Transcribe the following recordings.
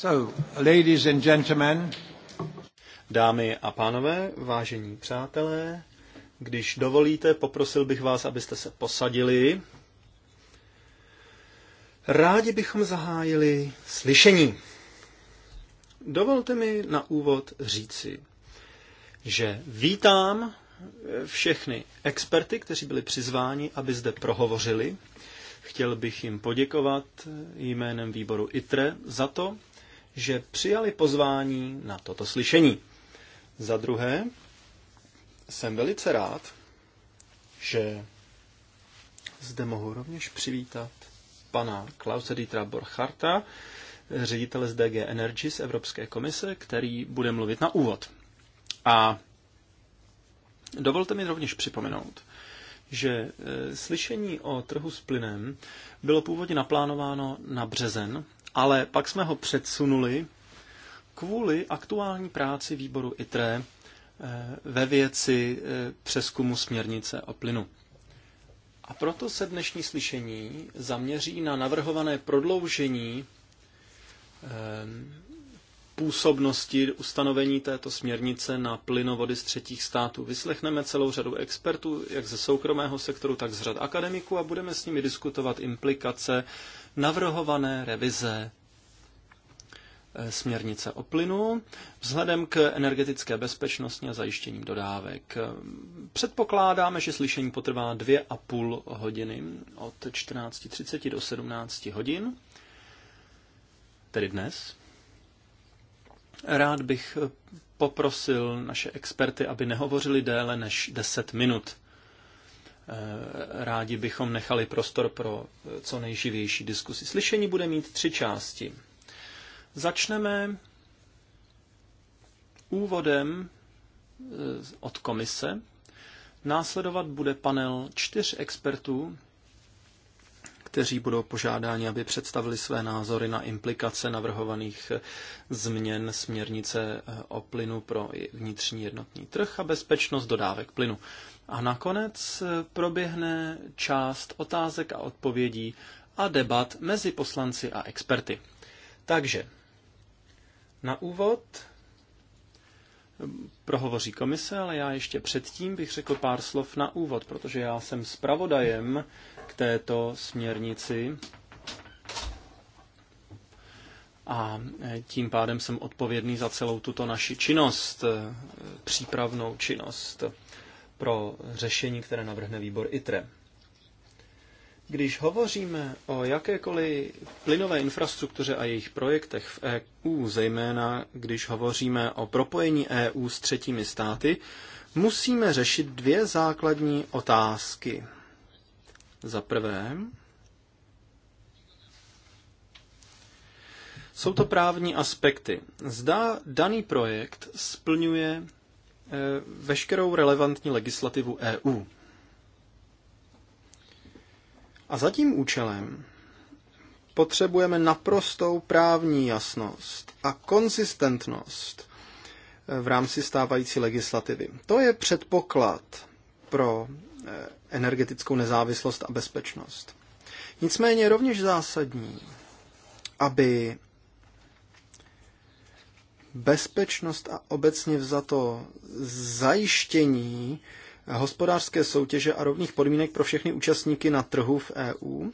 So, ladies and gentlemen. Dámy a pánové, vážení přátelé, když dovolíte, poprosil bych vás, abyste se posadili. Rádi bychom zahájili slyšení. Dovolte mi na úvod říci, že vítám všechny experty, kteří byli přizváni, aby zde prohovořili. Chtěl bych jim poděkovat jménem výboru ITRE za to, že přijali pozvání na toto slyšení. Za druhé, jsem velice rád, že zde mohu rovněž přivítat pana Klause Dietra Borcharta, ředitele z DG Energy z Evropské komise, který bude mluvit na úvod. A dovolte mi rovněž připomenout, že e, slyšení o trhu s plynem bylo původně naplánováno na březen ale pak jsme ho předsunuli kvůli aktuální práci výboru ITRE eh, ve věci eh, přeskumu směrnice o plynu. A proto se dnešní slyšení zaměří na navrhované prodloužení eh, působnosti ustanovení této směrnice na plynovody z třetích států. Vyslechneme celou řadu expertů, jak ze soukromého sektoru, tak z řad akademiků a budeme s nimi diskutovat implikace navrhované revize eh, směrnice o plynu vzhledem k energetické bezpečnosti a zajištěním dodávek. Eh, předpokládáme, že slyšení potrvá dvě a půl hodiny od 14.30 do 17 hodin, tedy dnes. Rád bych eh, poprosil naše experty, aby nehovořili déle než 10 minut. Eh, rádi bychom nechali prostor pro co nejživější diskusi. Slyšení bude mít tři části. Začneme úvodem eh, od komise. Následovat bude panel čtyř expertů, kteří budou požádáni, aby představili své názory na implikace navrhovaných eh, změn směrnice o plynu pro vnitřní jednotný trh a bezpečnost dodávek plynu. A nakonec eh, proběhne část otázek a odpovědí a debat mezi poslanci a experty. Takže na úvod eh, prohovoří komise, ale já ještě předtím bych řekl pár slov na úvod, protože já jsem zpravodajem k této směrnici a eh, tím pádem jsem odpovědný za celou tuto naši činnost, přípravnou činnost pro řešení, které navrhne výbor ITRE. Když hovoříme o jakékoliv plynové infrastruktuře a jejich projektech v EU, zejména když hovoříme o propojení EU s třetími státy, musíme řešit dvě základní otázky. Za prvé, jsou to právní aspekty. Zda daný projekt splňuje Eh, veškerou relevantní legislativu EU. A za tím účelem potřebujeme naprostou právní jasnost a konzistentnost eh, v rámci stávající legislativy. To je předpoklad pro eh, energetickou nezávislost a bezpečnost. Nicméně je rovněž zásadní, aby bezpečnost a obecně vzato zajištění hospodářské soutěže a rovných podmínek pro všechny účastníky na trhu v EU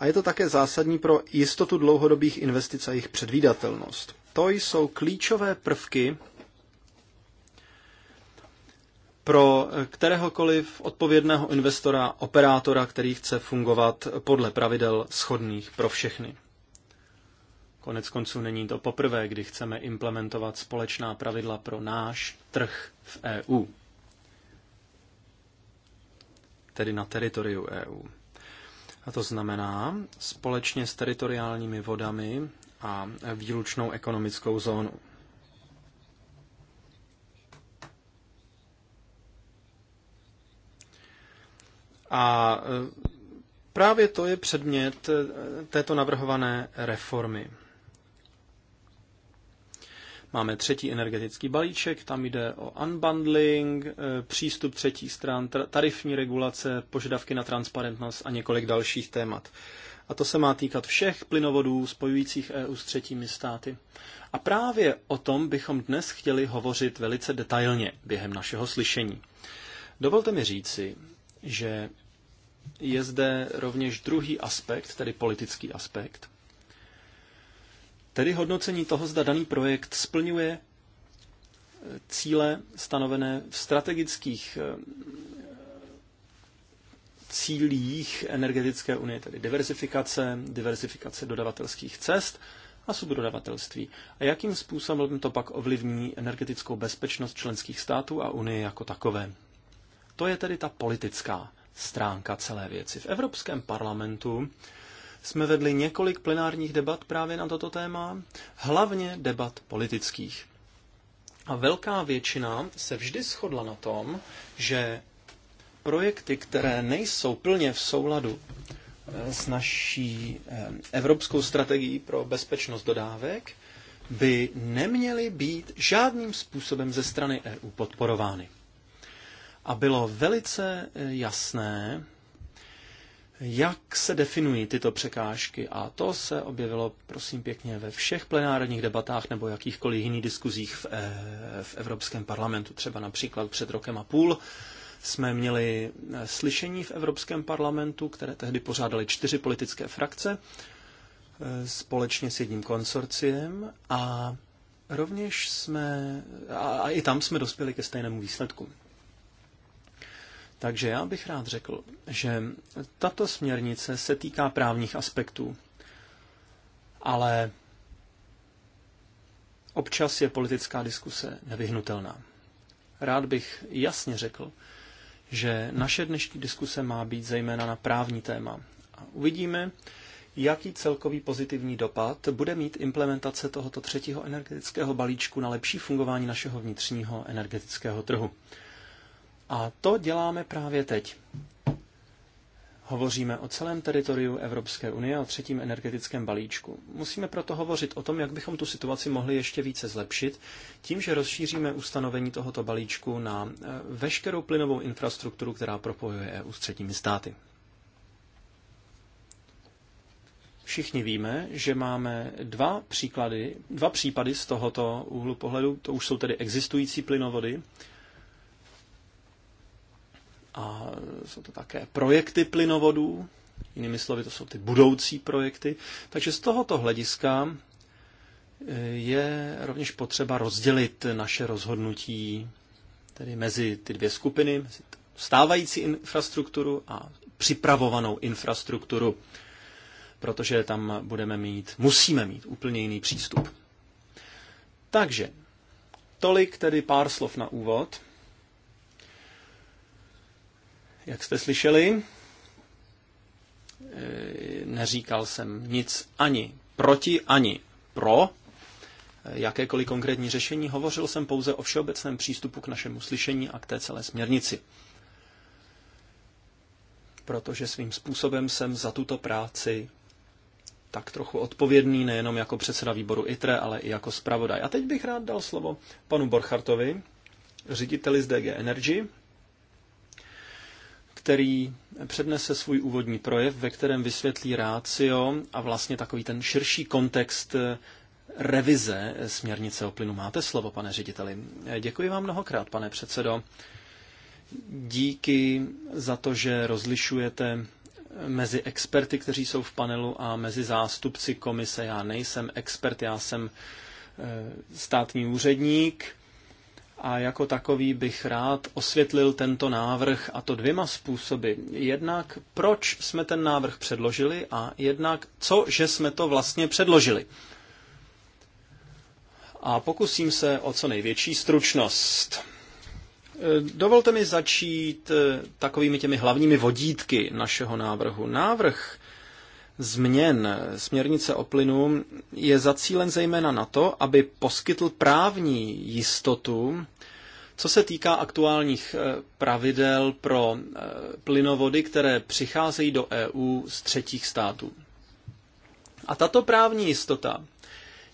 a je to také zásadní pro jistotu dlouhodobých investic a jejich předvídatelnost. To jsou klíčové prvky pro kteréhokoliv odpovědného investora, operátora, který chce fungovat podle pravidel schodných pro všechny. Konec konců není to poprvé, kdy chceme implementovat společná pravidla pro náš trh v EU, tedy na teritoriu EU. A to znamená, společně s teritoriálními vodami a výlučnou ekonomickou zónu. A e, právě to je předmět e, této navrhované reformy. Máme třetí energetický balíček, tam jde o unbundling, e, přístup třetí stran, tarifní regulace, požadavky na transparentnost a několik dalších témat. A to se má týkat všech plynovodů spojujících EU s třetími státy. A právě o tom bychom dnes chtěli hovořit velice detailně během našeho slyšení. Dovolte mi říci, že je zde rovněž druhý aspekt, tedy politický aspekt, Tedy hodnocení toho, zda daný projekt splňuje eh, cíle stanovené v strategických eh, cílích energetické unie, tedy diversifikace, diversifikace dodavatelských cest a subdodavatelství. A jakým způsobem to pak ovlivní energetickou bezpečnost členských států a unie jako takové? To je tedy ta politická stránka celé věci. V Evropském parlamentu jsme vedli několik plenárních debat právě na toto téma, hlavně debat politických. A velká většina se vždy shodla na tom, že projekty, které nejsou plně v souladu eh, s naší eh, evropskou strategií pro bezpečnost dodávek, by neměly být žádným způsobem ze strany EU podporovány. A bylo velice eh, jasné, jak se definují tyto překážky. A to se objevilo, prosím pěkně, ve všech plenárních debatách nebo jakýchkoliv jiných diskuzích v, eh, v Evropském parlamentu. Třeba například před rokem a půl jsme měli eh, slyšení v Evropském parlamentu, které tehdy pořádaly čtyři politické frakce eh, společně s jedním konsorciem a rovněž jsme, a, a i tam jsme dospěli ke stejnému výsledku. Takže já bych rád řekl, že tato směrnice se týká právních aspektů, ale občas je politická diskuse nevyhnutelná. Rád bych jasně řekl, že naše dnešní diskuse má být zejména na právní téma. A uvidíme, jaký celkový pozitivní dopad bude mít implementace tohoto třetího energetického balíčku na lepší fungování našeho vnitřního energetického trhu. A to děláme právě teď. Hovoříme o celém teritoriu Evropské unie a o třetím energetickém balíčku. Musíme proto hovořit o tom, jak bychom tu situaci mohli ještě více zlepšit, tím, že rozšíříme ustanovení tohoto balíčku na eh, veškerou plynovou infrastrukturu, která propojuje EU s třetími státy. Všichni víme, že máme dva příklady, dva případy z tohoto úhlu pohledu, to už jsou tedy existující plynovody, a jsou to také projekty plynovodů, jinými slovy to jsou ty budoucí projekty. Takže z tohoto hlediska eh, je rovněž potřeba rozdělit naše rozhodnutí tedy mezi ty dvě skupiny, mezi stávající infrastrukturu a připravovanou infrastrukturu, protože tam budeme mít, musíme mít úplně jiný přístup. Takže, tolik tedy pár slov na úvod. Jak jste slyšeli, eh, neříkal jsem nic ani proti, ani pro eh, jakékoliv konkrétní řešení. Hovořil jsem pouze o všeobecném přístupu k našemu slyšení a k té celé směrnici. Protože svým způsobem jsem za tuto práci tak trochu odpovědný, nejenom jako předseda výboru ITRE, ale i jako zpravodaj. A teď bych rád dal slovo panu Borchartovi, řediteli z DG Energy, který přednese svůj úvodní projev, ve kterém vysvětlí rácio a vlastně takový ten širší kontext eh, revize eh, směrnice o plynu. Máte slovo, pane řediteli. Eh, děkuji vám mnohokrát, pane předsedo. Díky za to, že rozlišujete mezi experty, kteří jsou v panelu, a mezi zástupci komise. Já nejsem expert, já jsem státní úředník a jako takový bych rád osvětlil tento návrh a to dvěma způsoby. Jednak proč jsme ten návrh předložili a jednak co, že jsme to vlastně předložili. A pokusím se o co největší stručnost. Dovolte mi začít eh, takovými těmi hlavními vodítky našeho návrhu. Návrh změn směrnice o plynu je zacílen zejména na to, aby poskytl právní jistotu, co se týká aktuálních eh, pravidel pro eh, plynovody, které přicházejí do EU z třetích států. A tato právní jistota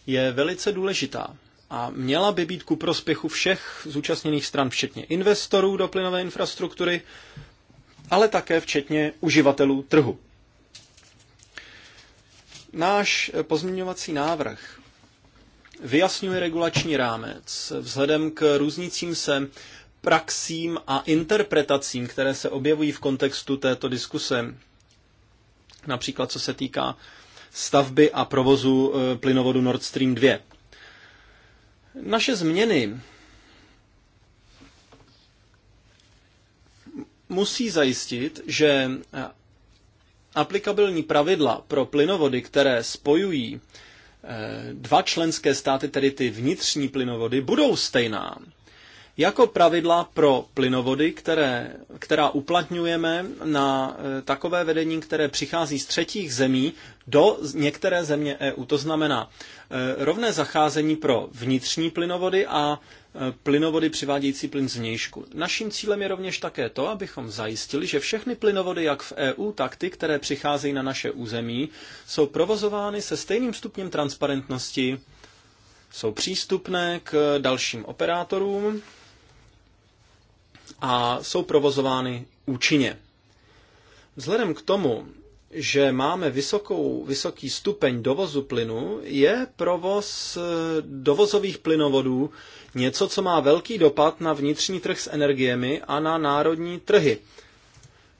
je velice důležitá a měla by být ku prospěchu všech zúčastněných stran, včetně investorů do plynové infrastruktury, ale také včetně uživatelů trhu. Náš pozměňovací návrh vyjasňuje regulační rámec vzhledem k různícím se praxím a interpretacím, které se objevují v kontextu této diskuse. Například co se týká stavby a provozu eh, plynovodu Nord Stream 2. Naše změny musí zajistit, že eh, aplikabilní pravidla pro plynovody, které spojují eh, dva členské státy, tedy ty vnitřní plynovody, budou stejná jako pravidla pro plynovody, které, která uplatňujeme na eh, takové vedení, které přichází z třetích zemí do některé země EU. To znamená eh, rovné zacházení pro vnitřní plynovody a eh, plynovody přivádějící plyn z vnějšku. Naším cílem je rovněž také to, abychom zajistili, že všechny plynovody, jak v EU, tak ty, které přicházejí na naše území, jsou provozovány se stejným stupněm transparentnosti, jsou přístupné k dalším operátorům a jsou provozovány účinně. Vzhledem k tomu, že máme vysokou, vysoký stupeň dovozu plynu, je provoz eh, dovozových plynovodů něco, co má velký dopad na vnitřní trh s energiemi a na národní trhy,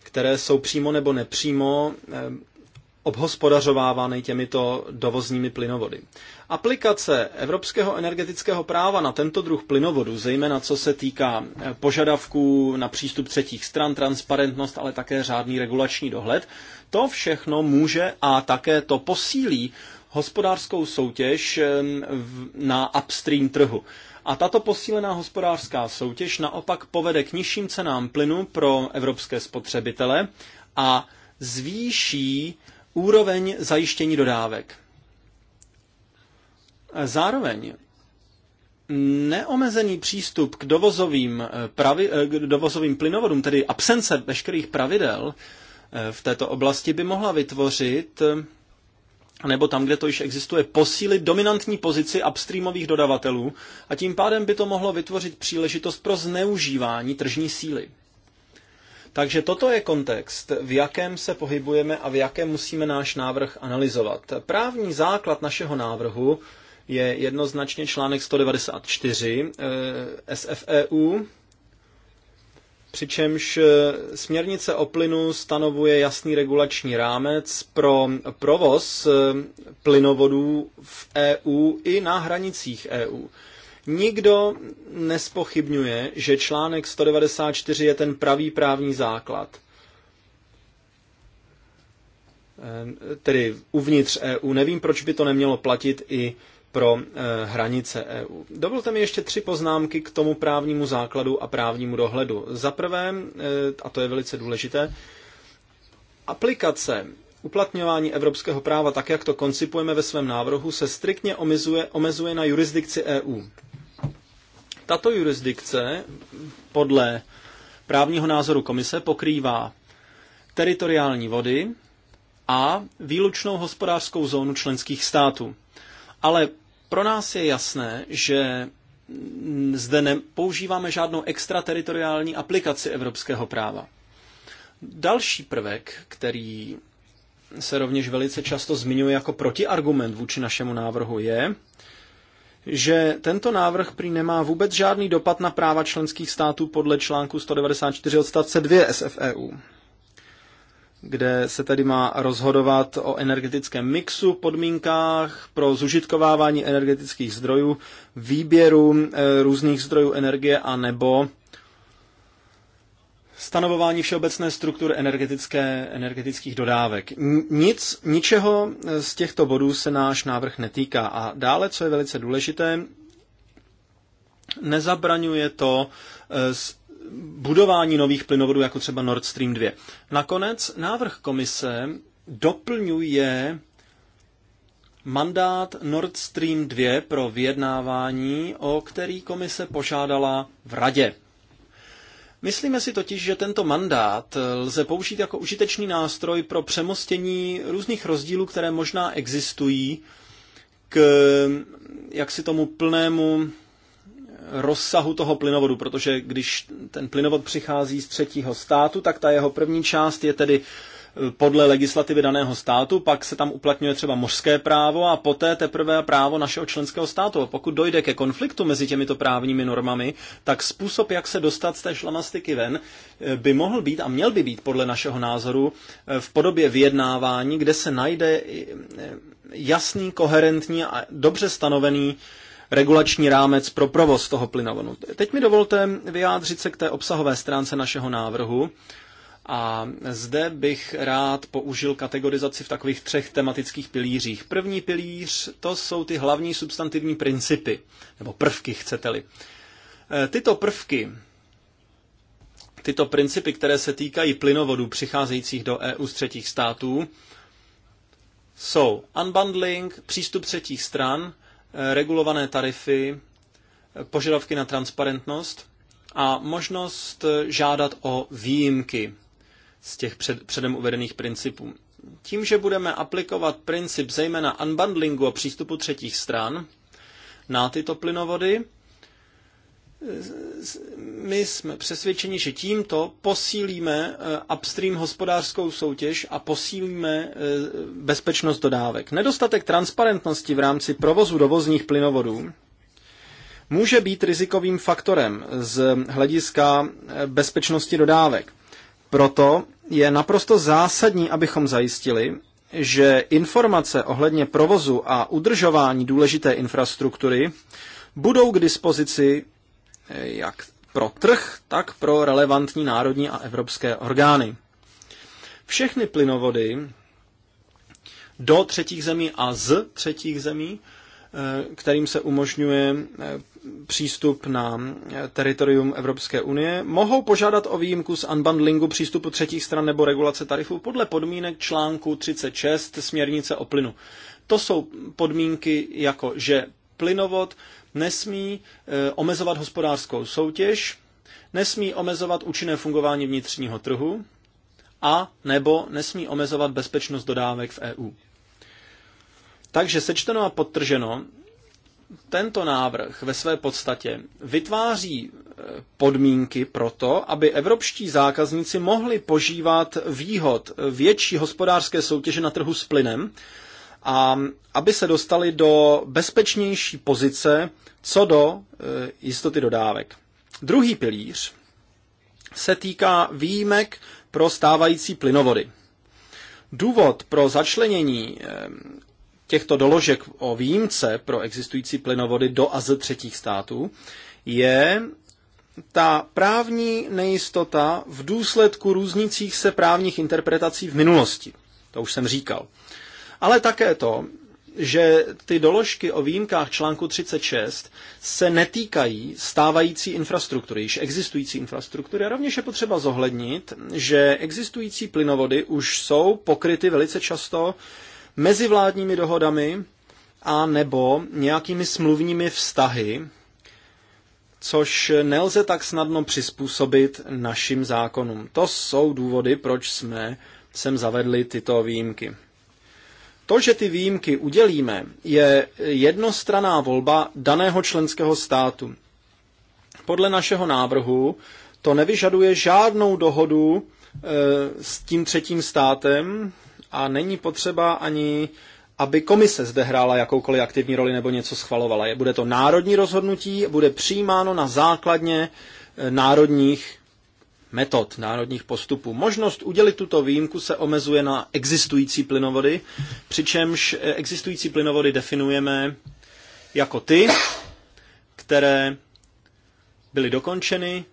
které jsou přímo nebo nepřímo eh, obhospodařovávány těmito dovozními plynovody. Aplikace evropského energetického práva na tento druh plynovodu, zejména co se týká e, požadavků na přístup třetích stran, transparentnost, ale také řádný regulační dohled, to všechno může a také to posílí hospodářskou soutěž e, na upstream trhu. A tato posílená hospodářská soutěž naopak povede k nižším cenám plynu pro evropské spotřebitele a zvýší úroveň zajištění dodávek. Zároveň neomezený přístup k dovozovým, eh, pravi, eh, k dovozovým plynovodům, tedy absence veškerých pravidel eh, v této oblasti by mohla vytvořit, nebo tam, kde to již existuje, posílit dominantní pozici upstreamových dodavatelů a tím pádem by to mohlo vytvořit příležitost pro zneužívání tržní síly. Takže toto je kontext, v jakém se pohybujeme a v jakém musíme náš návrh analyzovat. Právní základ našeho návrhu je jednoznačně článek 194 eh, SFEU, přičemž eh, směrnice o plynu stanovuje jasný regulační rámec pro provoz eh, plynovodů v EU i na hranicích EU. Nikdo nespochybňuje, že článek 194 je ten pravý právní základ. Eh, tedy uvnitř EU. Nevím, proč by to nemělo platit i pro eh, hranice EU. Dovolte mi ještě tři poznámky k tomu právnímu základu a právnímu dohledu. Za prvé, eh, a to je velice důležité, aplikace uplatňování evropského práva, tak jak to koncipujeme ve svém návrhu, se striktně omezuje, omezuje na jurisdikci EU. Tato jurisdikce podle právního názoru komise pokrývá teritoriální vody a výlučnou hospodářskou zónu členských států. Ale pro nás je jasné, že zde nepoužíváme žádnou extrateritoriální aplikaci evropského práva. Další prvek, který se rovněž velice často zmiňuje jako protiargument vůči našemu návrhu, je, že tento návrh prý nemá vůbec žádný dopad na práva členských států podle článku 194 odstavce 2 SFEU kde se tedy má rozhodovat o energetickém mixu, podmínkách pro zužitkovávání energetických zdrojů, výběru eh, různých zdrojů energie a nebo stanovování všeobecné struktury energetické, energetických dodávek. Nic, ničeho z těchto bodů se náš návrh netýká. A dále, co je velice důležité, nezabraňuje to eh, budování nových plynovodů, jako třeba Nord Stream 2. Nakonec návrh komise doplňuje mandát Nord Stream 2 pro vyjednávání, o který komise požádala v radě Myslíme si totiž, že tento mandát lze použít jako užitečný nástroj pro přemostění různých rozdílů, které možná existují, k jaksi tomu plnému rozsahu toho plynovodu, protože když ten plynovod přichází z třetího státu, tak ta jeho první část je tedy podle legislativy daného státu, pak se tam uplatňuje třeba mořské právo a poté teprve právo našeho členského státu. A pokud dojde ke konfliktu mezi těmito právními normami, tak způsob, jak se dostat z té šlamastiky ven, eh, by mohl být a měl by být podle našeho názoru eh, v podobě vyjednávání, kde se najde eh, jasný, koherentní a dobře stanovený regulační rámec pro provoz toho plynovodu. Teď mi dovolte vyjádřit se k té obsahové stránce našeho návrhu a zde bych rád použil kategorizaci v takových třech tematických pilířích. První pilíř to jsou ty hlavní substantivní principy, nebo prvky, chcete-li. E, tyto prvky, tyto principy, které se týkají plynovodů přicházejících do EU z třetích států, jsou unbundling, přístup třetích stran, e, regulované tarify, e, požadavky na transparentnost a možnost žádat o výjimky z těch před, předem uvedených principů. Tím, že budeme aplikovat princip zejména unbundlingu a přístupu třetích stran na tyto plynovody, my jsme přesvědčeni, že tímto posílíme eh, upstream hospodářskou soutěž a posílíme eh, bezpečnost dodávek. Nedostatek transparentnosti v rámci provozu dovozních plynovodů může být rizikovým faktorem z hlediska eh, bezpečnosti dodávek. Proto je naprosto zásadní, abychom zajistili, že informace ohledně provozu a udržování důležité infrastruktury budou k dispozici eh, jak pro trh, tak pro relevantní národní a evropské orgány. Všechny plynovody do třetích zemí a z třetích zemí, eh, kterým se umožňuje eh, přístup na teritorium Evropské unie, mohou požádat o výjimku z unbundlingu přístupu třetích stran nebo regulace tarifů podle podmínek článku 36 směrnice o plynu. To jsou podmínky jako, že plynovod nesmí e, omezovat hospodářskou soutěž, nesmí omezovat účinné fungování vnitřního trhu a nebo nesmí omezovat bezpečnost dodávek v EU. Takže sečteno a podtrženo, tento návrh ve své podstatě vytváří eh, podmínky pro to, aby evropští zákazníci mohli požívat výhod eh, větší hospodářské soutěže na trhu s plynem a aby se dostali do bezpečnější pozice co do eh, jistoty dodávek. Druhý pilíř se týká výjimek pro stávající plynovody. Důvod pro začlenění těchto doložek o výjimce pro existující plynovody do a z třetích států je ta právní nejistota v důsledku různících se právních interpretací v minulosti. To už jsem říkal. Ale také to, že ty doložky o výjimkách článku 36 se netýkají stávající infrastruktury, již existující infrastruktury. A rovněž je potřeba zohlednit, že existující plynovody už jsou pokryty velice často mezivládními dohodami a nebo nějakými smluvními vztahy, což nelze tak snadno přizpůsobit našim zákonům. To jsou důvody, proč jsme sem zavedli tyto výjimky. To, že ty výjimky udělíme, je jednostraná volba daného členského státu. Podle našeho návrhu to nevyžaduje žádnou dohodu e, s tím třetím státem, a není potřeba ani, aby komise zde hrála jakoukoliv aktivní roli nebo něco schvalovala. Je, bude to národní rozhodnutí, bude přijímáno na základně eh, národních metod, národních postupů. Možnost udělit tuto výjimku se omezuje na existující plynovody, přičemž eh, existující plynovody definujeme jako ty, které byly dokončeny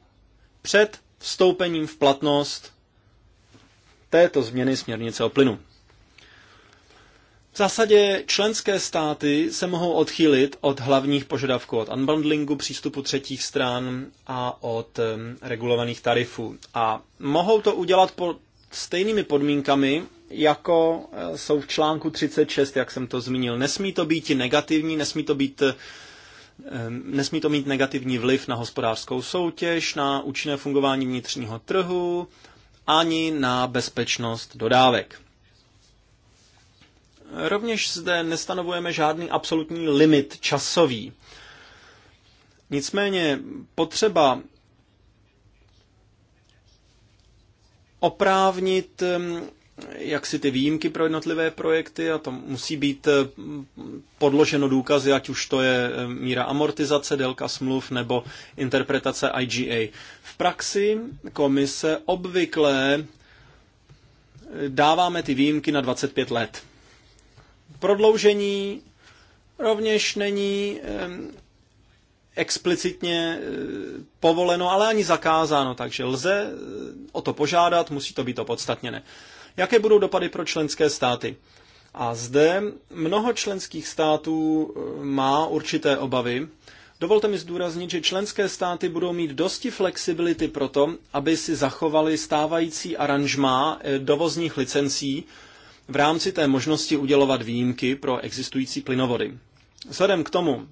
před vstoupením v platnost této změny směrnice o plynu. V zásadě členské státy se mohou odchýlit od hlavních požadavků, od unbundlingu, přístupu třetích stran a od regulovaných tarifů. A mohou to udělat pod stejnými podmínkami, jako e, jsou v článku 36, jak jsem to zmínil. Nesmí to být negativní, nesmí to být e, nesmí to mít negativní vliv na hospodářskou soutěž, na účinné fungování vnitřního trhu, ani na bezpečnost dodávek. Rovněž zde nestanovujeme žádný absolutní limit časový. Nicméně potřeba oprávnit jak si ty výjimky pro jednotlivé projekty a to musí být eh, podloženo důkazy, ať už to je eh, míra amortizace, délka smluv nebo interpretace IGA. V praxi komise obvykle eh, dáváme ty výjimky na 25 let. Prodloužení rovněž není explicitně povoleno, ale ani zakázáno, takže lze o to požádat, musí to být opodstatněné jaké budou dopady pro členské státy. A zde mnoho členských států eh, má určité obavy. Dovolte mi zdůraznit, že členské státy budou mít dosti flexibility pro to, aby si zachovali stávající aranžmá eh, dovozních licencí v rámci té možnosti udělovat výjimky pro existující plynovody. Vzhledem k tomu,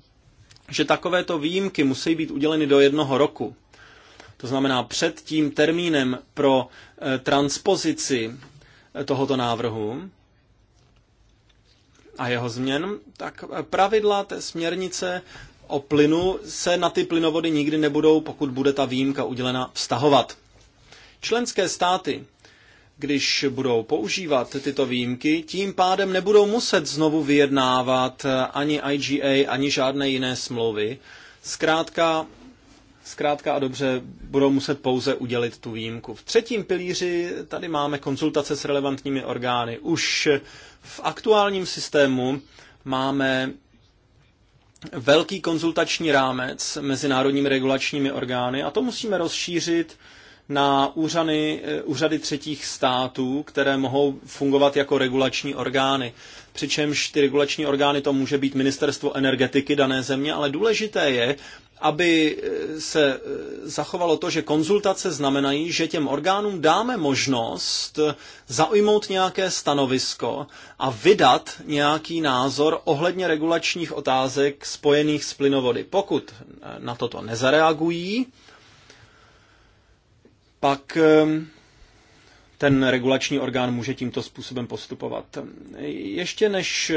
že takovéto výjimky musí být uděleny do jednoho roku, to znamená před tím termínem pro eh, transpozici tohoto návrhu a jeho změn, tak pravidla té směrnice o plynu se na ty plynovody nikdy nebudou, pokud bude ta výjimka udělena, vztahovat. Členské státy, když budou používat tyto výjimky, tím pádem nebudou muset znovu vyjednávat ani IGA, ani žádné jiné smlouvy. Zkrátka zkrátka a dobře budou muset pouze udělit tu výjimku. V třetím pilíři tady máme konzultace s relevantními orgány. Už v aktuálním systému máme velký konzultační rámec mezi národními regulačními orgány a to musíme rozšířit na úřady, eh, úřady třetích států, které mohou fungovat jako regulační orgány. Přičemž ty regulační orgány to může být ministerstvo energetiky dané země, ale důležité je, aby eh, se eh, zachovalo to, že konzultace znamenají, že těm orgánům dáme možnost eh, zaujmout nějaké stanovisko a vydat nějaký názor ohledně regulačních otázek spojených s plynovody. Pokud na toto nezareagují, pak ten regulační orgán může tímto způsobem postupovat. Ještě než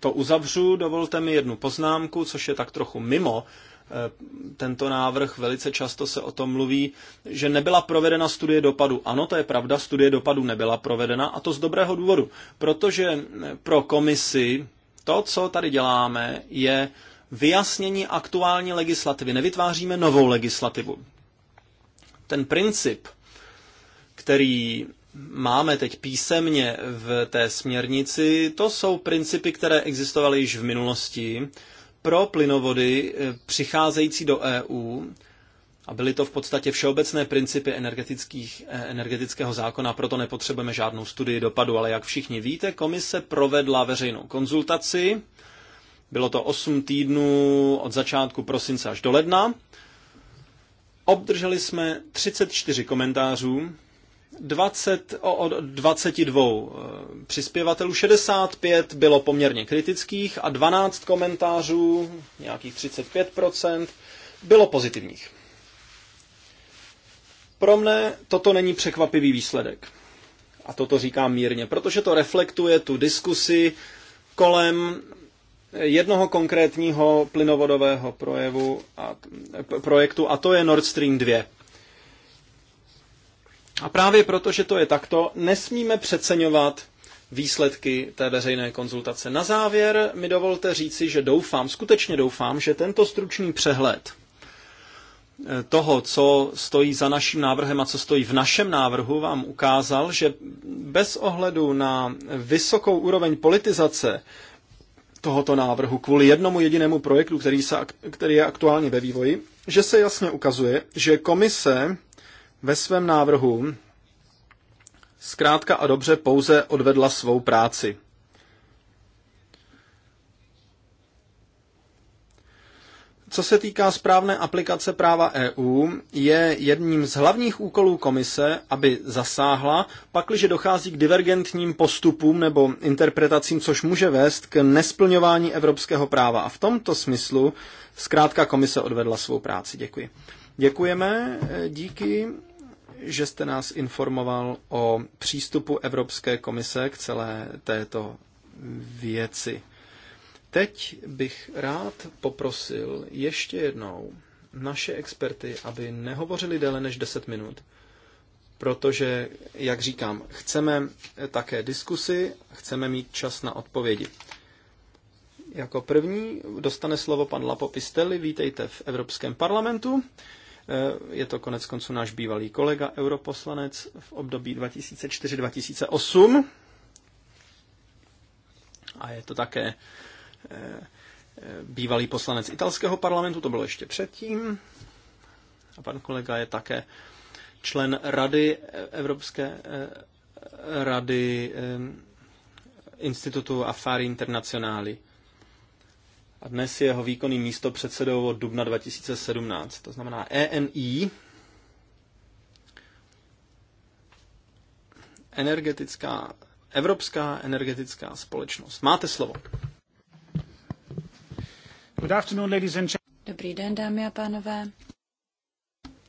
to uzavřu, dovolte mi jednu poznámku, což je tak trochu mimo eh, tento návrh, velice často se o tom mluví, že nebyla provedena studie dopadu. Ano, to je pravda, studie dopadu nebyla provedena a to z dobrého důvodu, protože eh, pro komisi to, co tady děláme, je vyjasnění aktuální legislativy. Nevytváříme novou legislativu. Ten princip, který máme teď písemně v té směrnici, to jsou principy, které existovaly již v minulosti pro plynovody eh, přicházející do EU a byly to v podstatě všeobecné principy energetických, eh, energetického zákona, proto nepotřebujeme žádnou studii dopadu, ale jak všichni víte, komise provedla veřejnou konzultaci, bylo to 8 týdnů od začátku prosince až do ledna. Obdrželi jsme 34 komentářů, 20, od 22 přispěvatelů 65 bylo poměrně kritických a 12 komentářů, nějakých 35%, bylo pozitivních. Pro mne toto není překvapivý výsledek. A toto říkám mírně, protože to reflektuje tu diskusi kolem jednoho konkrétního plynovodového projevu a, projektu, a to je Nord Stream 2. A právě proto, že to je takto, nesmíme přeceňovat výsledky té veřejné konzultace. Na závěr mi dovolte říci, že doufám, skutečně doufám, že tento stručný přehled eh, toho, co stojí za naším návrhem a co stojí v našem návrhu, vám ukázal, že bez ohledu na vysokou úroveň politizace tohoto návrhu kvůli jednomu jedinému projektu, který, se, který je aktuálně ve vývoji, že se jasně ukazuje, že komise ve svém návrhu zkrátka a dobře pouze odvedla svou práci. Co se týká správné aplikace práva EU, je jedním z hlavních úkolů komise, aby zasáhla, pakliže dochází k divergentním postupům nebo interpretacím, což může vést k nesplňování evropského práva. A v tomto smyslu zkrátka komise odvedla svou práci. Děkuji. Děkujeme, e, díky že jste nás informoval o přístupu Evropské komise k celé této věci. Teď bych rád poprosil ještě jednou naše experty, aby nehovořili déle než 10 minut, protože, jak říkám, chceme také diskusy, chceme mít čas na odpovědi. Jako první dostane slovo pan Lapo Pistelli, vítejte v Evropském parlamentu. Eh, je to konec konců náš bývalý kolega, europoslanec v období 2004-2008. A je to také eh, eh, bývalý poslanec italského parlamentu, to bylo ještě předtím. A pan kolega je také člen Rady Evropské rady Institutu Affari Internationali a dnes je jeho výkonný místo předsedou od dubna 2017. To znamená ENI, energetická, Evropská energetická společnost. Máte slovo. Dobrý den, dámy a pánové.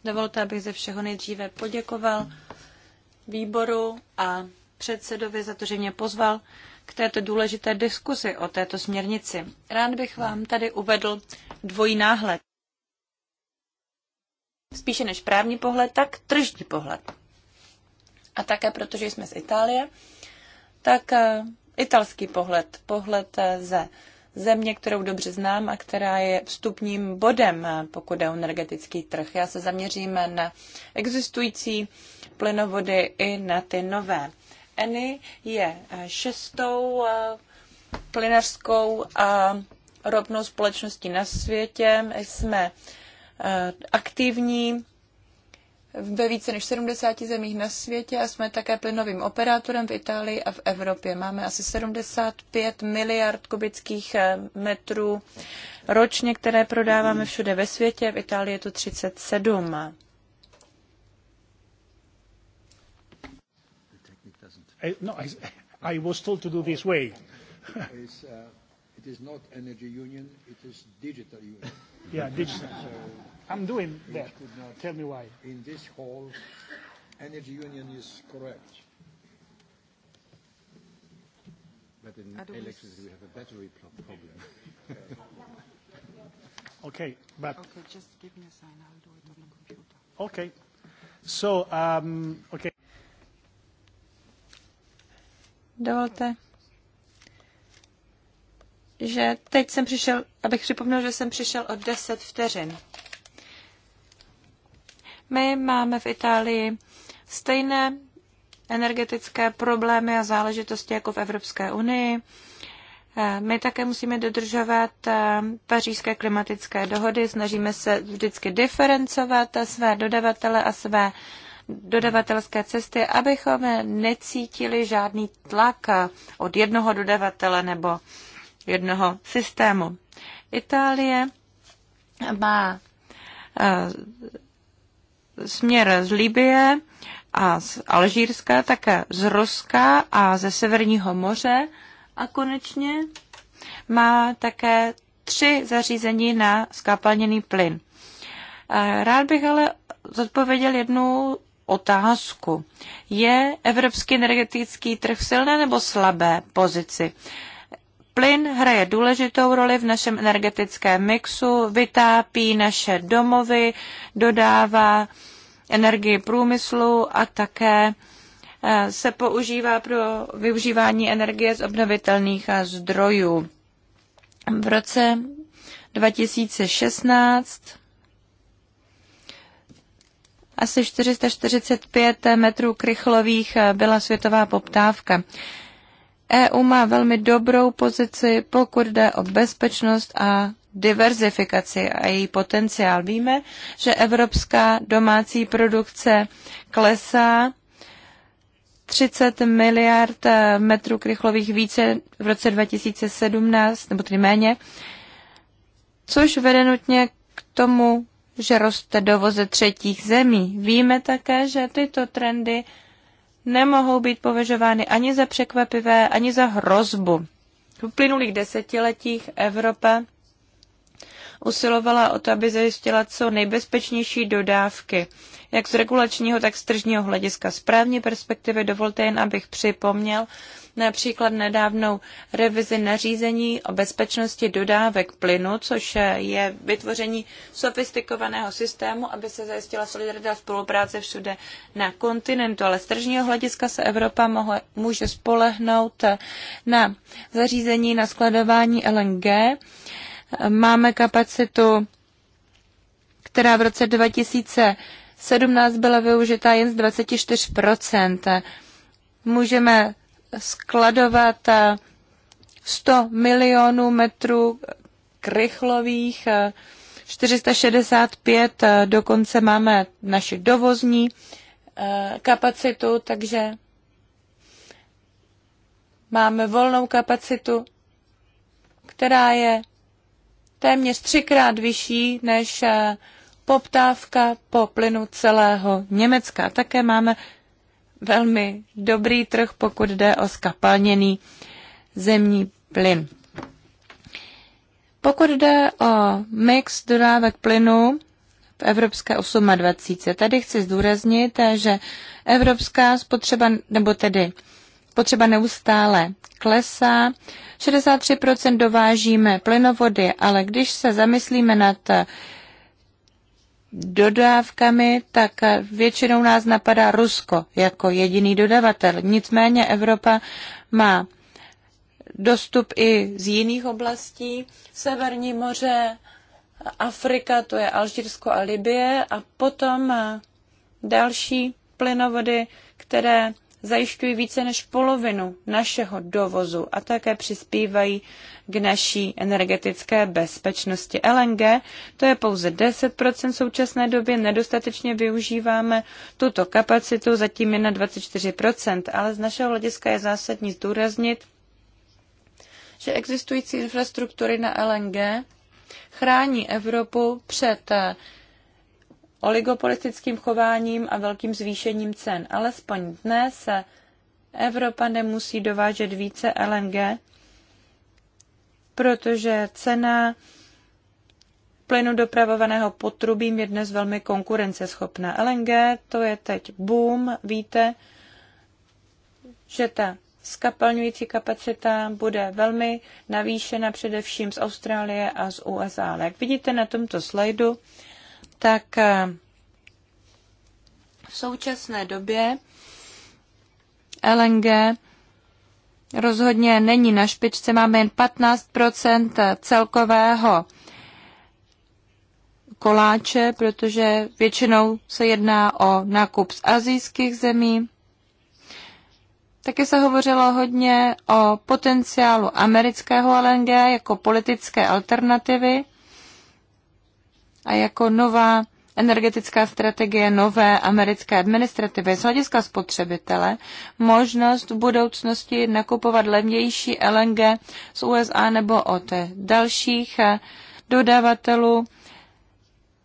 Dovolte, abych ze všeho nejdříve poděkoval výboru a předsedovi za to, že mě pozval k této důležité diskusi o této směrnici. Rád bych vám tady uvedl dvojí náhled. Spíše než právní pohled, tak tržní pohled. A také protože jsme z Itálie, tak eh, italský pohled, pohled eh, ze země, kterou dobře znám a která je vstupním bodem, eh, pokud je o energetický trh. Já se zaměřím na existující plynovody i na ty nové. ENI je eh, šestou eh, plynařskou a ropnou společností na světě. Jsme eh, aktivní ve více než 70 zemích na světě a jsme také plynovým operátorem v Itálii a v Evropě. Máme asi 75 miliard kubických metrů ročně, které prodáváme všude ve světě. V Itálii je to 37. no, I, I was told to do this way. it's, uh, it is not energy union, it is digital union. yeah, digital. So I'm doing that. Could not, Tell me why. In this hall, energy union is correct. But in electricity, we have a battery problem. okay, but... Okay, just give me a sign. I'll do it on the computer. Okay. So, um, okay. Dovolte, že teď jsem přišel, abych připomněl, že jsem přišel o 10 vteřin. My máme v Itálii stejné energetické problémy a záležitosti jako v Evropské unii. Eh, my také musíme dodržovat eh, pařížské klimatické dohody, snažíme se vždycky diferencovat své dodavatele a své dodavatelské cesty, abychom necítili žádný tlak od jednoho dodavatele nebo jednoho systému. Itálie má eh, směr z Libie a z Alžírska, také z Ruska a ze Severního moře. A konečně má také tři zařízení na skapalněný plyn. Eh, rád bych ale zodpověděl jednu otázku. Je evropský energetický trh v silné nebo slabé pozici? Plyn hraje důležitou roli v našem energetickém mixu, vytápí naše domovy, dodává energii průmyslu a také eh, se používá pro využívání energie z obnovitelných eh, zdrojů. V roce 2016 asi 445 metrů krychlových eh, byla světová poptávka. EU má velmi dobrou pozici, pokud jde o bezpečnost a diverzifikaci a její potenciál. Víme, že evropská domácí produkce klesá 30 miliard eh, metrů krychlových více v roce 2017, nebo tedy méně, což vede nutně k tomu, že roste dovoze třetích zemí. Víme také, že tyto trendy nemohou být považovány ani za překvapivé, ani za hrozbu. V uplynulých desetiletích Evropa usilovala o to, aby zajistila co nejbezpečnější dodávky, jak z regulačního, tak z tržního hlediska. Z perspektivy dovolte jen, abych připomněl, například nedávnou revizi nařízení o bezpečnosti dodávek plynu, což je vytvoření sofistikovaného systému, aby se zajistila solidarita spolupráce všude na kontinentu. Ale z tržního hlediska se Evropa mohle, může spolehnout na zařízení na skladování LNG. Máme kapacitu, která v roce 2000 17 byla využita jen z 24%. Můžeme skladovat 100 eh, milionů metrů krychlových, 465 eh, eh, dokonce máme naši dovozní kapacitu, takže máme volnou kapacitu, která je téměř třikrát vyšší než poptávka po plynu celého Německa. Také máme velmi dobrý trh, pokud jde o skapalněný zemní plyn. Pokud jde o mix dodávek plynu v Evropské 28, tady chci zdůraznit, že evropská spotřeba, nebo tedy potřeba neustále klesá. 63% dovážíme plynovody, ale když se zamyslíme nad dodávkami, tak většinou nás napadá Rusko jako jediný dodavatel. Nicméně Evropa má dostup i z jiných oblastí, Severní moře, Afrika, to je Alžírsko a Libie, a potom eh, další plynovody, které zajišťují více než polovinu našeho dovozu a také přispívají k naší energetické bezpečnosti. LNG to je pouze 10% v současné době, nedostatečně využíváme tuto kapacitu, zatím je na 24%, ale z našeho hlediska je zásadní zdůraznit, že existující infrastruktury na LNG chrání Evropu před oligopolistickým chováním a velkým zvýšením cen. Alespoň dnes se Evropa nemusí dovážet více LNG, protože cena plynu dopravovaného potrubím je dnes velmi konkurenceschopná. LNG to je teď boom, víte, že ta skapalňující kapacita bude velmi navýšena především z Austrálie a z USA. Ale jak vidíte na tomto slajdu, tak eh, v současné době LNG rozhodně není na špičce, máme jen 15 celkového koláče, protože většinou se jedná o nákup z azijských zemí. Také se hovořilo hodně o potenciálu amerického LNG jako politické alternativy a jako nová energetická strategie nové americké administrativy z hlediska spotřebitele možnost v budoucnosti nakupovat levnější LNG z USA nebo od dalších dodavatelů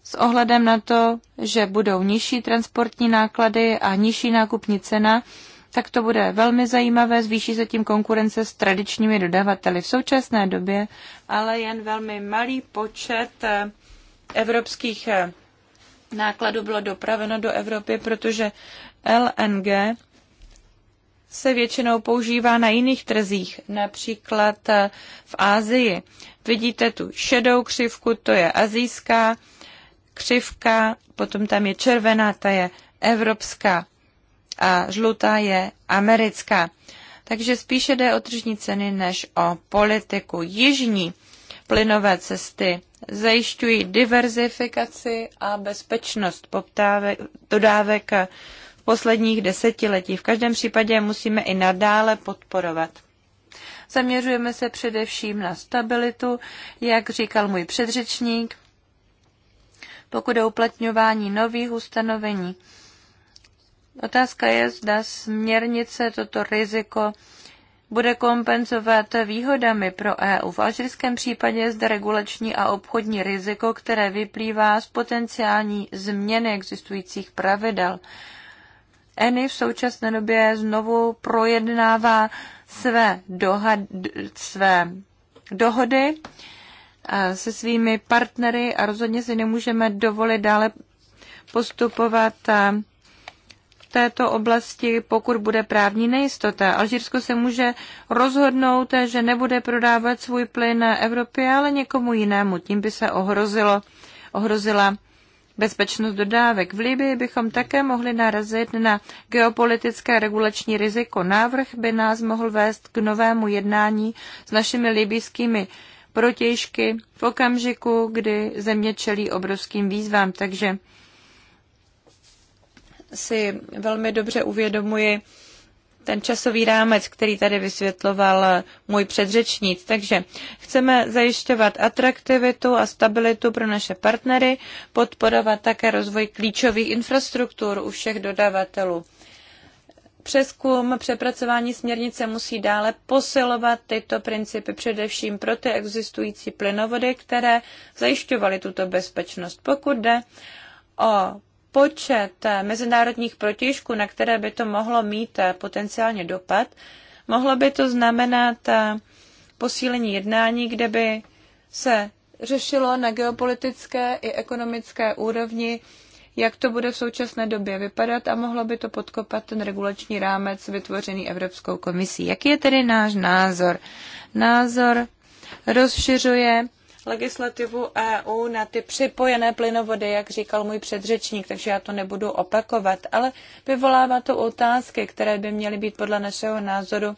s ohledem na to, že budou nižší transportní náklady a nižší nákupní cena, tak to bude velmi zajímavé, zvýší se tím konkurence s tradičními dodavateli. V současné době ale jen velmi malý počet evropských eh, nákladů bylo dopraveno do Evropy, protože LNG se většinou používá na jiných trzích, například eh, v Ázii. Vidíte tu šedou křivku, to je azijská křivka, potom tam je červená, ta je evropská a žlutá je americká. Takže spíše jde o tržní ceny než o politiku. Jižní plynové cesty zajišťují diverzifikaci a bezpečnost poptávek, dodávek v posledních desetiletí. V každém případě musíme i nadále podporovat. Zaměřujeme se především na stabilitu, jak říkal můj předřečník, pokud je uplatňování nových ustanovení. Otázka je, zda směrnice toto riziko bude kompenzovat výhodami pro EU. V alžírském případě je zde regulační a obchodní riziko, které vyplývá z potenciální změny existujících pravidel. ENI v současné době znovu projednává své, dohad, své dohody eh, se svými partnery a rozhodně si nemůžeme dovolit dále postupovat eh, této oblasti, pokud bude právní nejistota. Alžírsko se může rozhodnout, že nebude prodávat svůj plyn na Evropě, ale někomu jinému. Tím by se ohrozilo, ohrozila bezpečnost dodávek. V Libii bychom také mohli narazit na geopolitické regulační riziko. Návrh by nás mohl vést k novému jednání s našimi libijskými protějšky v okamžiku, kdy země čelí obrovským výzvám. Takže si velmi dobře uvědomuji ten časový rámec, který tady vysvětloval můj předřečník. Takže chceme zajišťovat atraktivitu a stabilitu pro naše partnery, podporovat také rozvoj klíčových infrastruktur u všech dodavatelů. Přeskum přepracování směrnice musí dále posilovat tyto principy především pro ty existující plynovody, které zajišťovaly tuto bezpečnost. Pokud jde o počet mezinárodních protěžků, na které by to mohlo mít eh, potenciálně dopad, mohlo by to znamenat eh, posílení jednání, kde by se řešilo na geopolitické i ekonomické úrovni, jak to bude v současné době vypadat a mohlo by to podkopat ten regulační rámec vytvořený Evropskou komisí. Jaký je tedy náš názor? Názor rozšiřuje legislativu EU na ty připojené plynovody, jak říkal můj předřečník, takže já to nebudu opakovat, ale vyvolává to otázky, které by měly být podle našeho názoru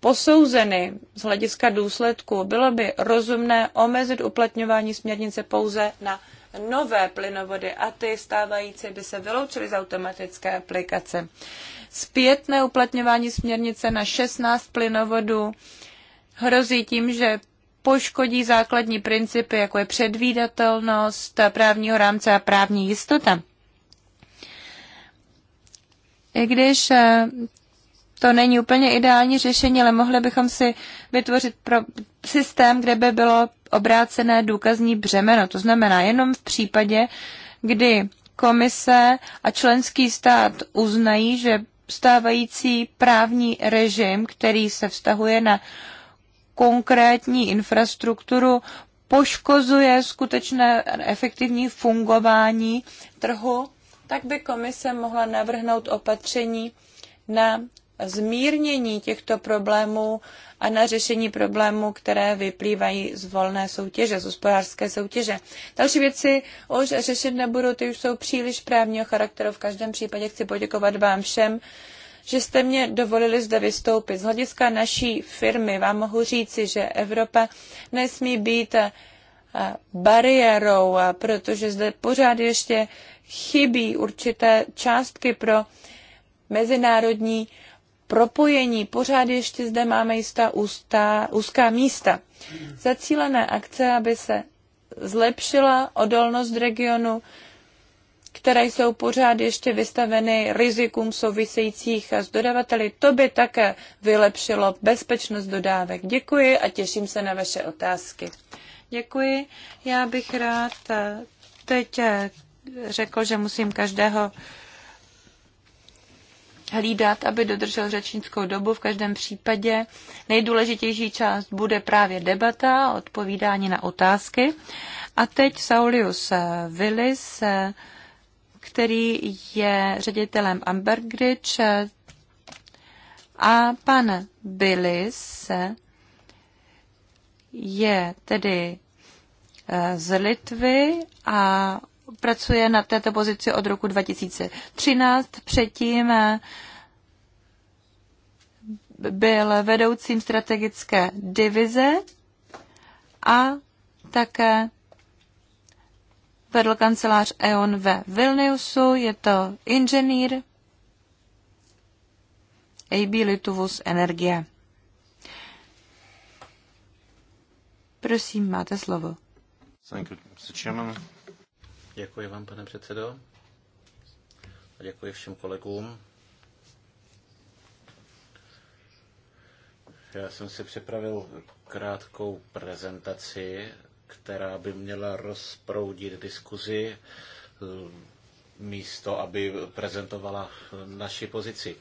posouzeny z hlediska důsledku. Bylo by rozumné omezit uplatňování směrnice pouze na nové plynovody a ty stávající by se vyloučily z automatické aplikace. Zpětné uplatňování směrnice na 16 plynovodů hrozí tím, že poškodí základní principy, jako je předvídatelnost právního rámce a právní jistota. I když eh, to není úplně ideální řešení, ale mohli bychom si vytvořit pro systém, kde by bylo obrácené důkazní břemeno. To znamená jenom v případě, kdy komise a členský stát uznají, že stávající právní režim, který se vztahuje na uh, konkrétní infrastrukturu poškozuje skutečné efektivní fungování trhu, tak by komise mohla navrhnout opatření na zmírnění těchto problémů a na řešení problémů, které vyplývají z volné soutěže, z hospodářské soutěže. Další věci už řešit nebudu, ty už jsou příliš právního charakteru. V každém případě chci poděkovat vám všem že jste mě dovolili zde vystoupit. Z hlediska naší firmy vám mohu říci, že Evropa nesmí být eh, bariérou, eh, protože zde pořád ještě chybí určité částky pro mezinárodní propojení. Pořád ještě zde máme jistá ústa, úzká místa. Zacílené akce, aby se zlepšila odolnost regionu, které jsou pořád ještě vystaveny rizikům souvisejících s dodavateli. To by také vylepšilo bezpečnost dodávek. Děkuji a těším se na vaše otázky. Děkuji. Já bych rád eh, teď eh, řekl, že musím každého hlídat, aby dodržel řečnickou dobu. V každém případě nejdůležitější část bude právě debata, odpovídání na otázky. A teď Saulius eh, Willis který je ředitelem Ambergridge a pan Billis je tedy eh, z Litvy a pracuje na této pozici od roku 2013. Předtím eh, byl vedoucím strategické divize a také vedl kancelář E.ON ve Vilniusu, je to inženýr AB Lituvus Energie. Prosím, máte slovo. Děkuji vám, pane předsedo. A děkuji všem kolegům. Já jsem si připravil krátkou prezentaci která by měla rozproudit diskuzi eh, místo, aby prezentovala naši pozici.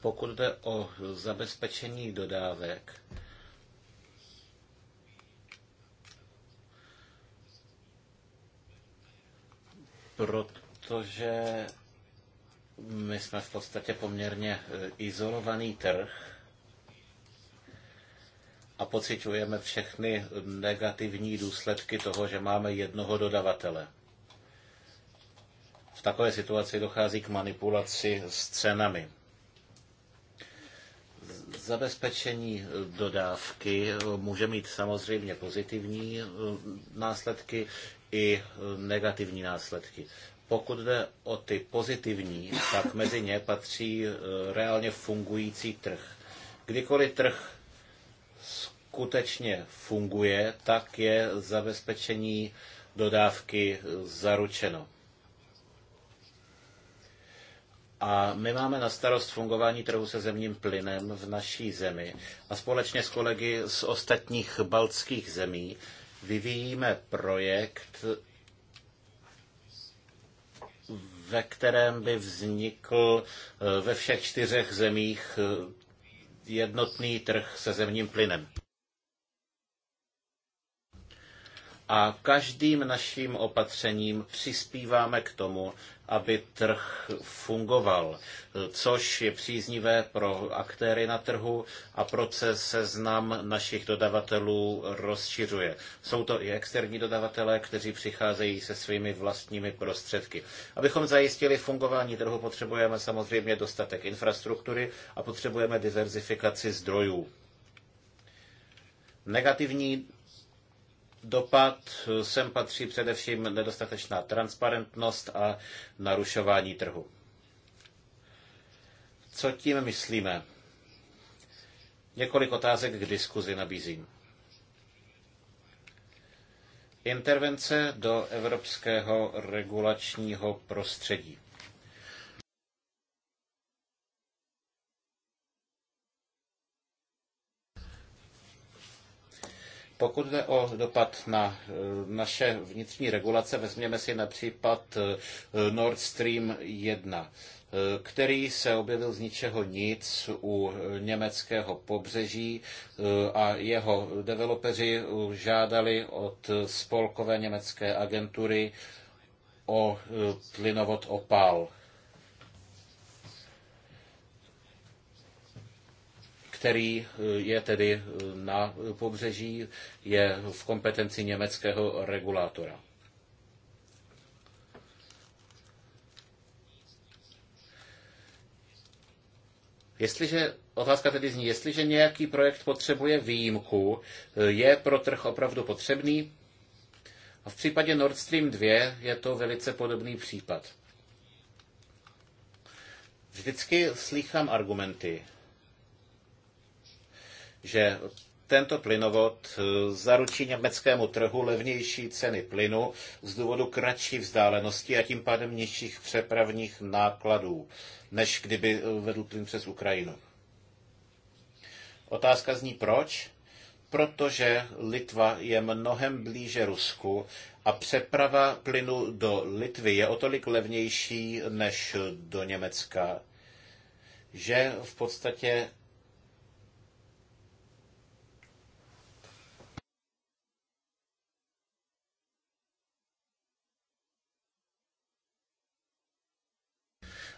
Pokud jde o zabezpečení dodávek, protože my jsme v podstatě poměrně eh, izolovaný trh, a pociťujeme všechny negativní důsledky toho, že máme jednoho dodavatele. V takové situaci dochází k manipulaci s cenami. Zabezpečení dodávky může mít samozřejmě pozitivní eh, následky i eh, negativní následky. Pokud jde o ty pozitivní, tak mezi ně patří eh, reálně fungující trh. Kdykoliv trh skutečně funguje, tak je zabezpečení dodávky zaručeno. A my máme na starost fungování trhu se zemním plynem v naší zemi a společně s kolegy z ostatních baltských zemí vyvíjíme projekt, ve kterém by vznikl eh, ve všech čtyřech zemích eh, jednotný trh se zemním plynem. A každým naším opatřením přispíváme k tomu, aby trh fungoval, což je příznivé pro aktéry na trhu a proces seznam našich dodavatelů rozšiřuje. Jsou to i externí dodavatelé, kteří přicházejí se svými vlastními prostředky. Abychom zajistili fungování trhu, potřebujeme samozřejmě dostatek infrastruktury a potřebujeme diverzifikaci zdrojů. Negativní dopad. Sem patří především nedostatečná transparentnost a narušování trhu. Co tím myslíme? Několik otázek k diskuzi nabízím. Intervence do evropského regulačního prostředí. Pokud jde o dopad na eh, naše vnitřní regulace, vezměme si například eh, Nord Stream 1 eh, který se objevil z ničeho nic u německého pobřeží a jeho developeři žádali od spolkové německé agentury o plynovod Opal který eh, je tedy eh, na pobřeží, je v kompetenci německého regulátora. Jestliže, otázka tedy zní, jestliže nějaký projekt potřebuje výjimku, eh, je pro trh opravdu potřebný? A v případě Nord Stream 2 je to velice podobný případ. Vždycky slýchám argumenty, že tento plynovod eh, zaručí německému trhu levnější ceny plynu z důvodu kratší vzdálenosti a tím pádem nižších přepravních nákladů, než kdyby eh, vedl plyn přes Ukrajinu. Otázka zní proč? Protože Litva je mnohem blíže Rusku a přeprava plynu do Litvy je o tolik levnější než do Německa, že v podstatě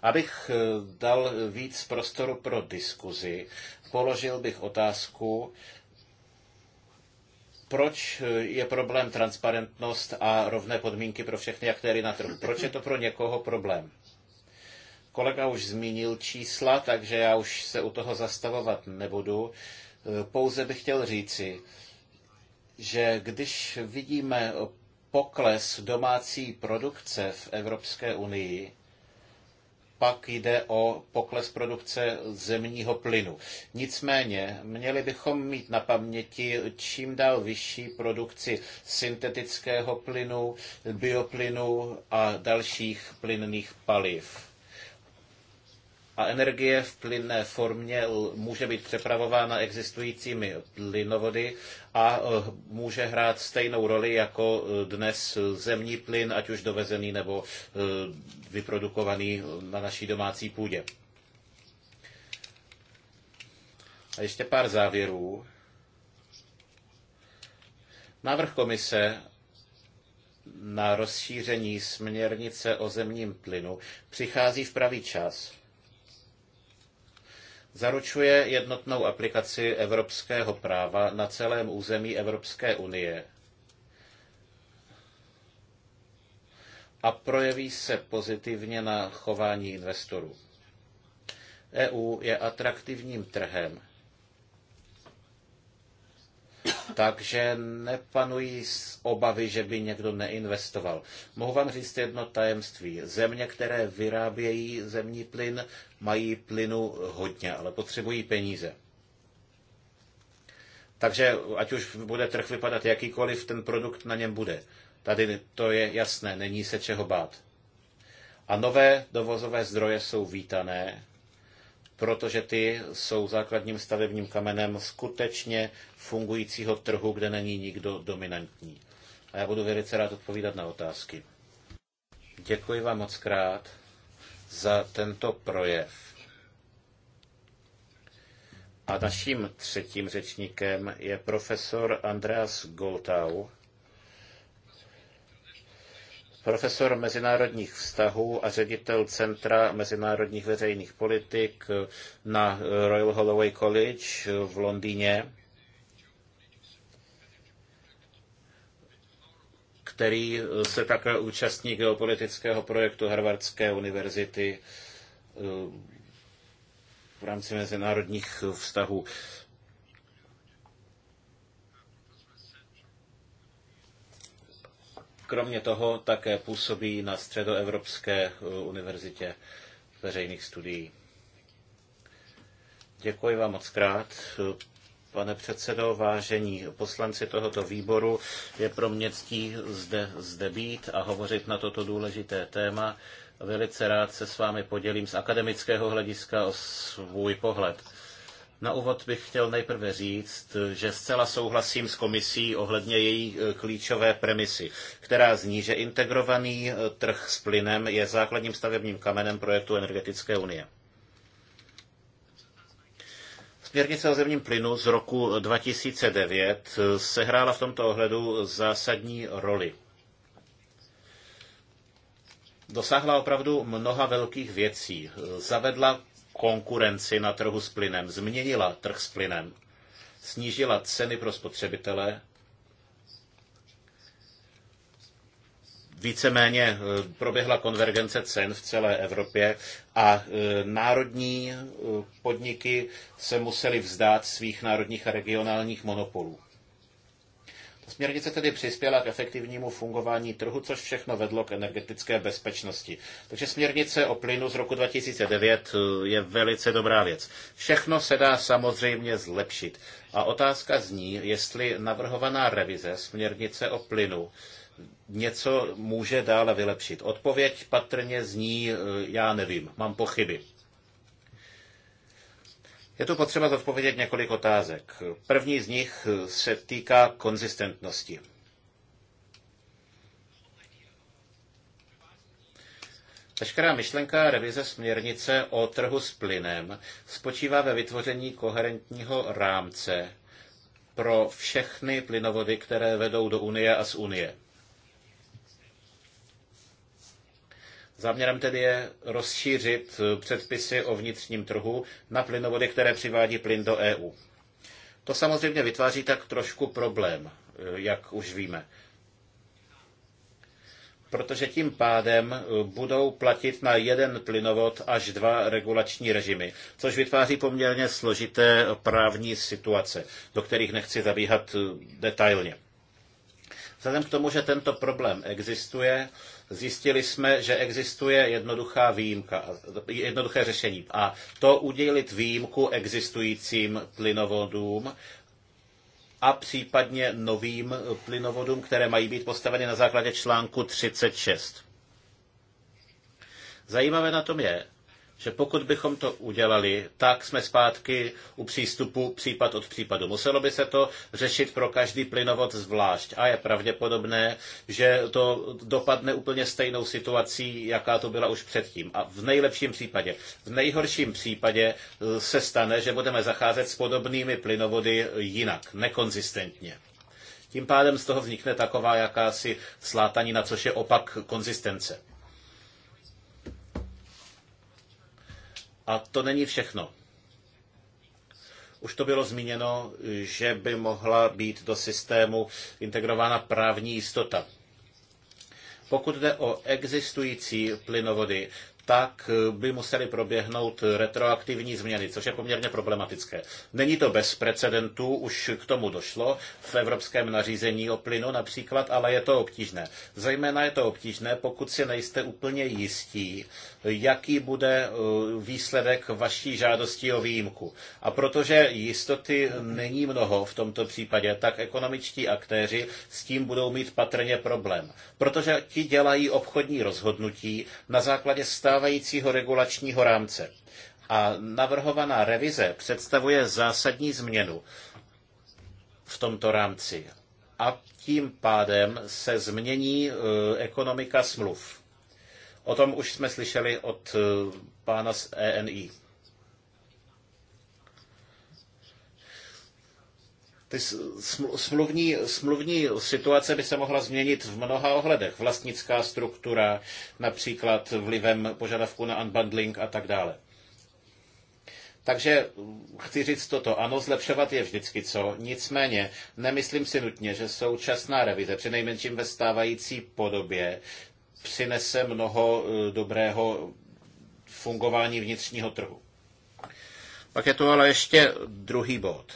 Abych eh, dal víc prostoru pro diskuzi, položil bych otázku, proč eh, je problém transparentnost a rovné podmínky pro všechny aktéry na trhu? Proč je to pro někoho problém? Kolega už zmínil čísla, takže já už se u toho zastavovat nebudu. Eh, pouze bych chtěl říci, že když vidíme pokles domácí produkce v Evropské unii, pak jde o pokles produkce zemního plynu. Nicméně měli bychom mít na paměti čím dál vyšší produkci syntetického plynu, bioplynu a dalších plynných paliv a energie v plynné formě může být přepravována existujícími plynovody a eh, může hrát stejnou roli jako eh, dnes zemní plyn, ať už dovezený nebo eh, vyprodukovaný na naší domácí půdě. A ještě pár závěrů. Návrh komise na rozšíření směrnice o zemním plynu přichází v pravý čas zaručuje jednotnou aplikaci evropského práva na celém území Evropské unie a projeví se pozitivně na chování investorů. EU je atraktivním trhem takže nepanují obavy, že by někdo neinvestoval. Mohu vám říct jedno tajemství. Země, které vyrábějí zemní plyn, mají plynu hodně, ale potřebují peníze. Takže ať už bude trh vypadat jakýkoliv, ten produkt na něm bude. Tady to je jasné, není se čeho bát. A nové dovozové zdroje jsou vítané, protože ty jsou základním stavebním kamenem skutečně fungujícího trhu, kde není nikdo dominantní. A já budu velice rád odpovídat na otázky. Děkuji vám moc krát za tento projev. A naším třetím řečníkem je profesor Andreas Goltau, profesor mezinárodních vztahů a ředitel Centra mezinárodních veřejných politik na Royal Holloway College v Londýně, který se také účastní geopolitického projektu Harvardské univerzity eh, v rámci mezinárodních vztahů. Kromě toho také působí na Středoevropské eh, univerzitě veřejných studií. Děkuji vám moc krát. Pane předsedo, vážení poslanci tohoto výboru, je pro mě ctí zde, zde být a hovořit na toto důležité téma. Velice rád se s vámi podělím z akademického hlediska o svůj pohled. Na úvod bych chtěl nejprve říct, že zcela souhlasím s komisí ohledně její e, klíčové premisy, která zní, že integrovaný e, trh s plynem je základním stavebním kamenem projektu energetické unie. Směrnice o zemním plynu z roku 2009 e, sehrála v tomto ohledu zásadní roli. Dosáhla opravdu mnoha velkých věcí. Zavedla konkurenci na trhu s plynem, změnila trh s plynem, snížila ceny pro spotřebitele, víceméně eh, proběhla konvergence cen v celé Evropě a eh, národní eh, podniky se musely vzdát svých národních a regionálních monopolů. Směrnice tedy přispěla k efektivnímu fungování trhu, což všechno vedlo k energetické bezpečnosti. Takže směrnice o plynu z roku 2009 eh, je velice dobrá věc. Všechno se dá samozřejmě zlepšit. A otázka zní, jestli navrhovaná revize směrnice o plynu něco může dále vylepšit. Odpověď patrně zní, eh, já nevím, mám pochyby. Je tu potřeba zodpovědět několik otázek. První z nich se týká konzistentnosti. Veškerá myšlenka revize směrnice o trhu s plynem spočívá ve vytvoření koherentního rámce pro všechny plynovody, které vedou do Unie a z Unie. Záměrem tedy je rozšířit eh, předpisy o vnitřním trhu na plynovody, které přivádí plyn do EU. To samozřejmě vytváří tak trošku problém, eh, jak už víme. Protože tím pádem eh, budou platit na jeden plynovod až dva regulační režimy, což vytváří poměrně složité právní situace, do kterých nechci zabíhat detailně. Vzhledem k tomu, že tento problém existuje, Zjistili jsme, že existuje jednoduchá výjimka, jednoduché řešení. A to udělit výjimku existujícím plynovodům a případně novým plynovodům, které mají být postaveny na základě článku 36. Zajímavé na tom je, že pokud bychom to udělali, tak jsme zpátky u přístupu případ od případu. Muselo by se to řešit pro každý plynovod zvlášť a je pravděpodobné, že to dopadne úplně stejnou situací, jaká to byla už předtím. A v nejlepším případě, v nejhorším případě eh, se stane, že budeme zacházet s podobnými plynovody jinak, nekonzistentně. Tím pádem z toho vznikne taková jakási slátanina, což je opak konzistence. A to není všechno. Už to bylo zmíněno, že by mohla být do systému integrována právní jistota. Pokud jde o existující plynovody, tak eh, by museli proběhnout retroaktivní změny, což je poměrně problematické. Není to bez precedentů, už k tomu došlo v evropském nařízení o plynu například, ale je to obtížné. Zejména je to obtížné, pokud si nejste úplně jistí, jaký bude eh, výsledek vaší žádosti o výjimku. A protože jistoty není mnoho v tomto případě, tak ekonomičtí aktéři s tím budou mít patrně problém. Protože ti dělají obchodní rozhodnutí na základě stav stávajícího regulačního rámce. A navrhovaná revize představuje zásadní změnu v tomto rámci. A tím pádem se změní e, ekonomika smluv. O tom už jsme slyšeli od e, pána z ENI. ty smluvní, smluvní situace by se mohla změnit v mnoha ohledech. Vlastnická struktura, například vlivem požadavku na unbundling a tak dále. Takže chci říct toto, ano, zlepšovat je vždycky co, nicméně nemyslím si nutně, že současná revize, při nejmenším ve stávající podobě, přinese mnoho e, dobrého fungování vnitřního trhu. Pak je to, ale ještě druhý bod.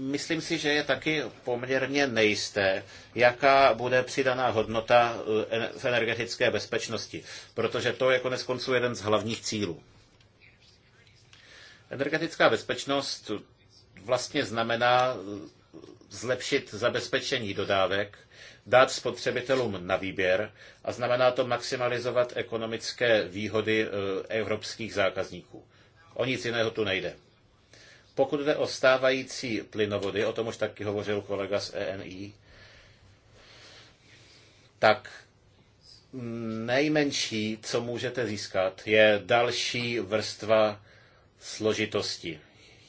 Myslím si, že je taky poměrně nejisté, jaká bude přidaná hodnota eh, v energetické bezpečnosti, protože to je konec konců jeden z hlavních cílů. Energetická bezpečnost vlastně znamená eh, zlepšit zabezpečení dodávek, dát spotřebitelům na výběr a znamená to maximalizovat ekonomické výhody eh, evropských zákazníků. O nic jiného tu nejde. Pokud jde o stávající plynovody, o tom už taky hovořil kolega z ENI, tak nejmenší, co můžete získat, je další vrstva složitosti.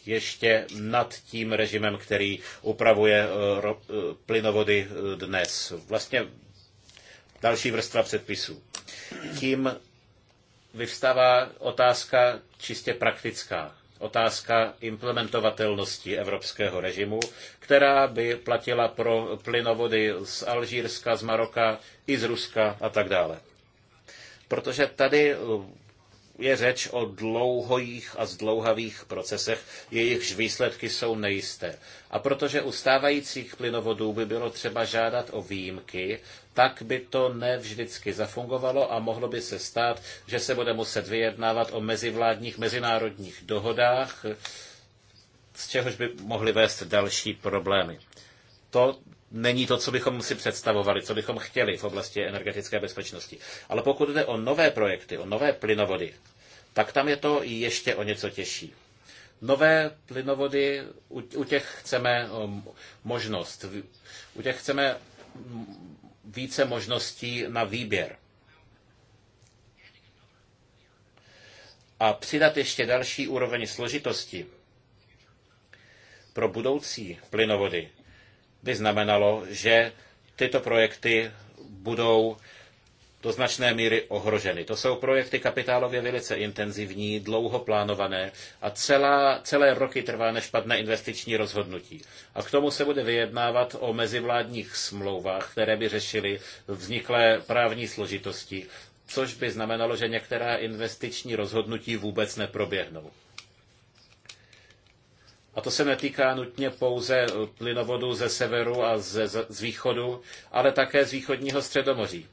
Ještě nad tím režimem, který upravuje eh, eh, plynovody eh, dnes. Vlastně další vrstva předpisů. Tím vyvstává otázka čistě praktická otázka implementovatelnosti evropského režimu, která by platila pro plynovody z Alžírska, z Maroka, i z Ruska a tak dále. Protože tady je řeč o dlouhojích a zdlouhavých procesech, jejichž výsledky jsou nejisté. A protože u stávajících plynovodů by bylo třeba žádat o výjimky, tak by to nevždycky zafungovalo a mohlo by se stát, že se bude muset vyjednávat o mezivládních mezinárodních dohodách, z čehož by mohly vést další problémy. To není to, co bychom si představovali, co bychom chtěli v oblasti energetické bezpečnosti. Ale pokud jde o nové projekty, o nové plynovody, tak tam je to ještě o něco těžší. Nové plynovody, u, u těch chceme um, možnost, u těch chceme mm, více možností na výběr. A přidat ještě další úroveň složitosti pro budoucí plynovody by znamenalo, že tyto projekty budou do značné míry ohroženy. To jsou projekty kapitálově velice intenzivní, dlouho plánované a celá, celé roky trvá, než padne investiční rozhodnutí. A k tomu se bude vyjednávat o mezivládních smlouvách, které by řešily vzniklé právní složitosti, což by znamenalo, že některá investiční rozhodnutí vůbec neproběhnou. A to se netýká nutně pouze eh, plynovodu ze severu a ze, z východu, ale také z východního středomoří.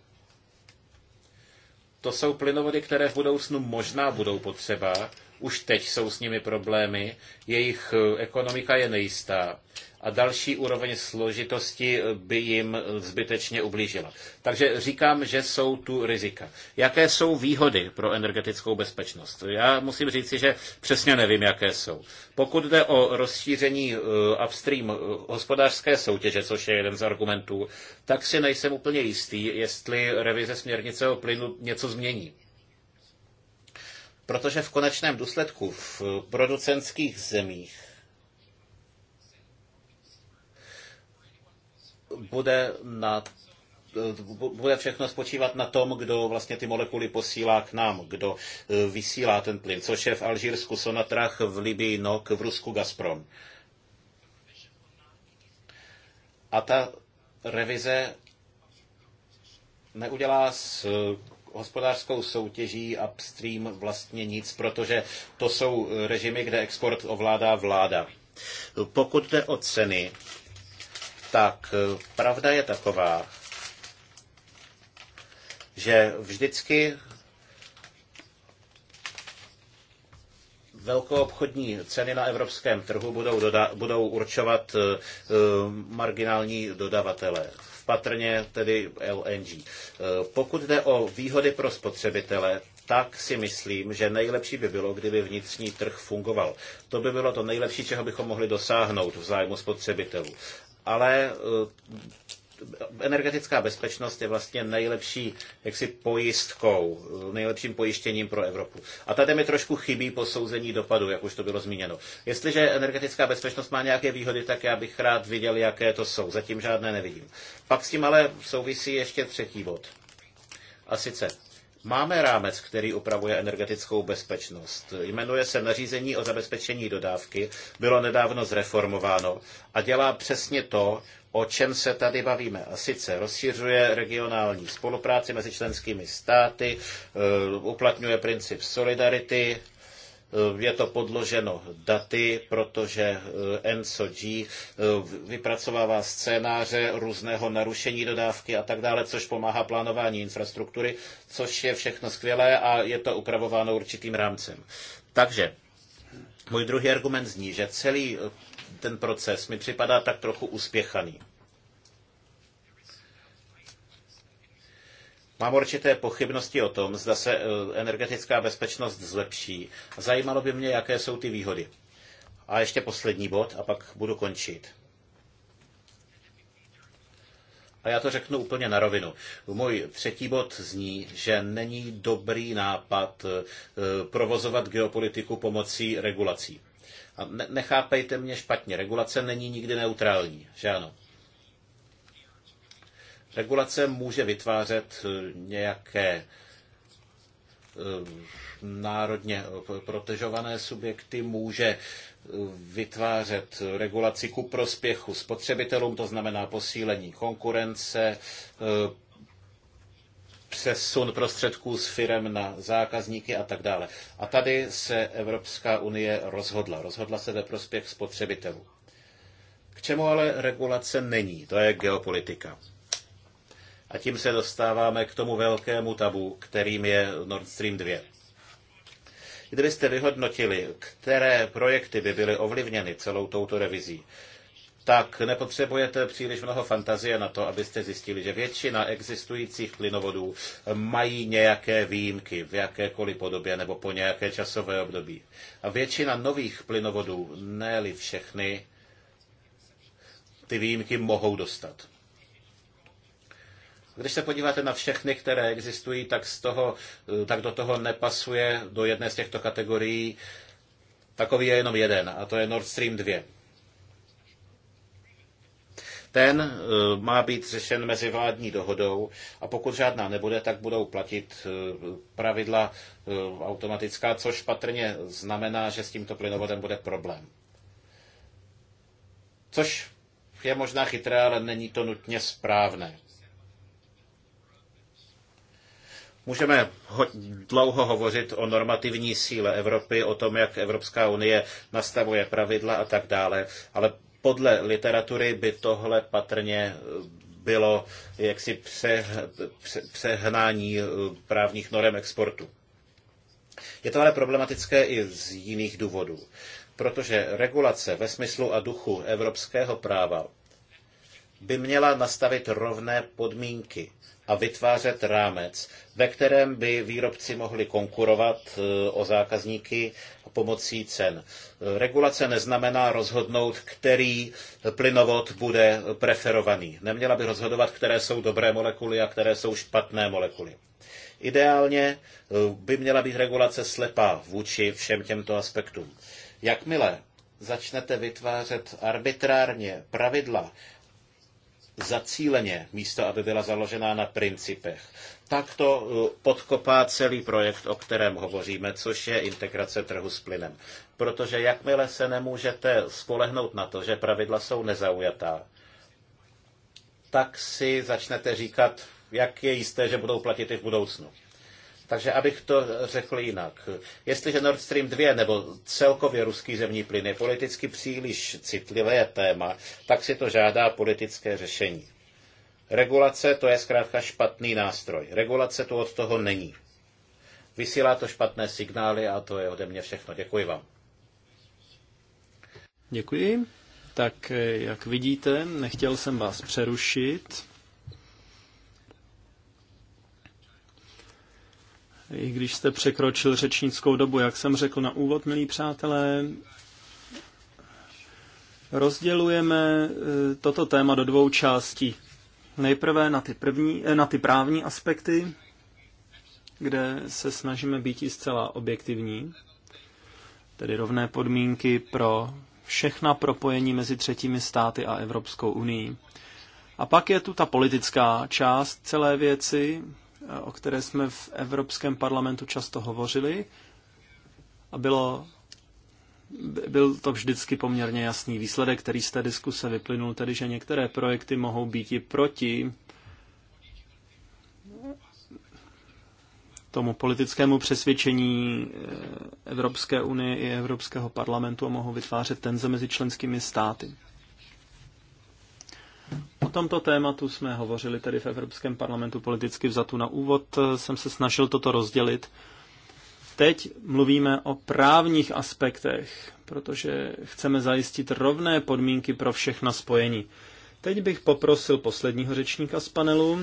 To jsou plynovody, které v budoucnu možná budou potřeba. Už teď jsou s nimi problémy, jejich eh, ekonomika je nejistá a další úroveň složitosti by jim zbytečně ublížila. Takže říkám, že jsou tu rizika. Jaké jsou výhody pro energetickou bezpečnost? Já musím říci, že přesně nevím, jaké jsou. Pokud jde o rozšíření eh, upstream eh, hospodářské soutěže, což je jeden z argumentů, tak si nejsem úplně jistý, jestli revize směrnice o plynu něco změní protože v konečném důsledku v producentských zemích bude na bude všechno spočívat na tom, kdo vlastně ty molekuly posílá k nám, kdo e, vysílá ten plyn, což je v Alžírsku Sonatrach, v Libii NOK, v Rusku Gazprom. A ta revize neudělá s e, hospodářskou soutěží upstream vlastně nic, protože to jsou režimy, kde export ovládá vláda. Pokud jde o ceny, tak e, pravda je taková, že vždycky velkoobchodní ceny na evropském trhu budou, doda- budou určovat e, e, marginální dodavatele patrně tedy LNG. Pokud jde o výhody pro spotřebitele, tak si myslím, že nejlepší by bylo, kdyby vnitřní trh fungoval. To by bylo to nejlepší, čeho bychom mohli dosáhnout v zájmu spotřebitelů ale eh, energetická bezpečnost je vlastně nejlepší jaksi pojistkou, eh, nejlepším pojištěním pro Evropu. A tady mi trošku chybí posouzení dopadu, jak už to bylo zmíněno. Jestliže energetická bezpečnost má nějaké výhody, tak já bych rád viděl, jaké to jsou. Zatím žádné nevidím. Pak s tím ale souvisí ještě třetí bod. A sice Máme rámec, který upravuje energetickou bezpečnost. Jmenuje se nařízení o zabezpečení dodávky, bylo nedávno zreformováno a dělá přesně to, o čem se tady bavíme. A sice rozšiřuje regionální spolupráci mezi členskými státy, eh, uplatňuje princip solidarity, Eh, je to podloženo daty, protože eh, NSOG eh, vypracovává scénáře různého narušení dodávky a tak dále, což pomáhá plánování infrastruktury, což je všechno skvělé a je to upravováno určitým rámcem. Takže můj druhý argument zní, že celý ten proces mi připadá tak trochu uspěchaný. Mám určité pochybnosti o tom, zda se eh, energetická bezpečnost zlepší. Zajímalo by mě, jaké jsou ty výhody. A ještě poslední bod a pak budu končit. A já to řeknu úplně na rovinu. Můj třetí bod zní, že není dobrý nápad eh, provozovat geopolitiku pomocí regulací. A nechápejte mě špatně, regulace není nikdy neutrální, že ano? Regulace může vytvářet eh, nějaké eh, národně protežované subjekty, může eh, vytvářet regulaci ku prospěchu spotřebitelům, to znamená posílení konkurence, přesun prostředků z firem na zákazníky a tak dále. A tady se Evropská unie rozhodla. Rozhodla se ve prospěch spotřebitelů. K čemu ale regulace není? To je geopolitika. A tím se dostáváme k tomu velkému tabu, kterým je Nord Stream 2. Kdybyste vyhodnotili, které projekty by byly ovlivněny celou touto revizí, tak nepotřebujete příliš mnoho fantazie na to, abyste zjistili, že většina existujících plynovodů mají nějaké výjimky v jakékoliv podobě nebo po nějaké časové období. A většina nových plynovodů, ne-li všechny, ty výjimky mohou dostat. Když se podíváte na všechny, které existují, tak, z toho, eh, tak do toho nepasuje do jedné z těchto kategorií. Takový je jenom jeden, a to je Nord Stream 2. Ten eh, má být řešen mezivládní dohodou a pokud žádná nebude, tak budou platit eh, pravidla automatická, což patrně znamená, že s tímto plynovodem bude problém. Což je možná chytré, ale není to nutně správné. Můžeme ho, dlouho hovořit o normativní síle Evropy, o tom, jak Evropská unie nastavuje pravidla a tak dále, ale podle literatury by tohle patrně eh, bylo jaksi pře, pře, přehnání eh, právních norem exportu. Je to ale problematické i z jiných důvodů, protože regulace ve smyslu a duchu evropského práva by měla nastavit rovné podmínky a vytvářet rámec, ve kterém by výrobci mohli konkurovat e, o zákazníky pomocí cen. Regulace neznamená rozhodnout, který plynovod bude preferovaný. Neměla by rozhodovat, které jsou dobré molekuly a které jsou špatné molekuly. Ideálně e, by měla být regulace slepá vůči všem těmto aspektům. Jakmile začnete vytvářet arbitrárně pravidla, zacíleně, místo aby byla založená na principech. Tak to uh, podkopá celý projekt, o kterém hovoříme, což je integrace trhu s plynem. Protože jakmile se nemůžete spolehnout na to, že pravidla jsou nezaujatá, tak si začnete říkat, jak je jisté, že budou platit i v budoucnu. Takže abych to řekl jinak. Jestliže Nord Stream 2 nebo celkově ruský zemní plyn je politicky příliš citlivé téma, tak si to žádá politické řešení. Regulace to je zkrátka špatný nástroj. Regulace tu od toho není. Vysílá to špatné signály a to je ode mě všechno. Děkuji vám. Děkuji. Tak eh, jak vidíte, nechtěl jsem vás přerušit, i když jste překročil řečnickou dobu. Jak jsem řekl na úvod, milí přátelé, rozdělujeme eh, toto téma do dvou částí. Nejprve na ty, první, eh, na ty právní aspekty, kde se snažíme být i zcela objektivní, tedy rovné podmínky pro všechna propojení mezi třetími státy a Evropskou unii. A pak je tu ta politická část celé věci, o které jsme v Evropském parlamentu často hovořili a bylo, byl to vždycky poměrně jasný výsledek, který z té diskuse vyplynul, tedy že některé projekty mohou být i proti tomu politickému přesvědčení eh, Evropské unie i Evropského parlamentu a mohou vytvářet tenze mezi členskými státy tomto tématu jsme hovořili tedy v Evropském parlamentu politicky vzatu na úvod, jsem se snažil toto rozdělit. Teď mluvíme o právních aspektech, protože chceme zajistit rovné podmínky pro všechna spojení. Teď bych poprosil posledního řečníka z panelu,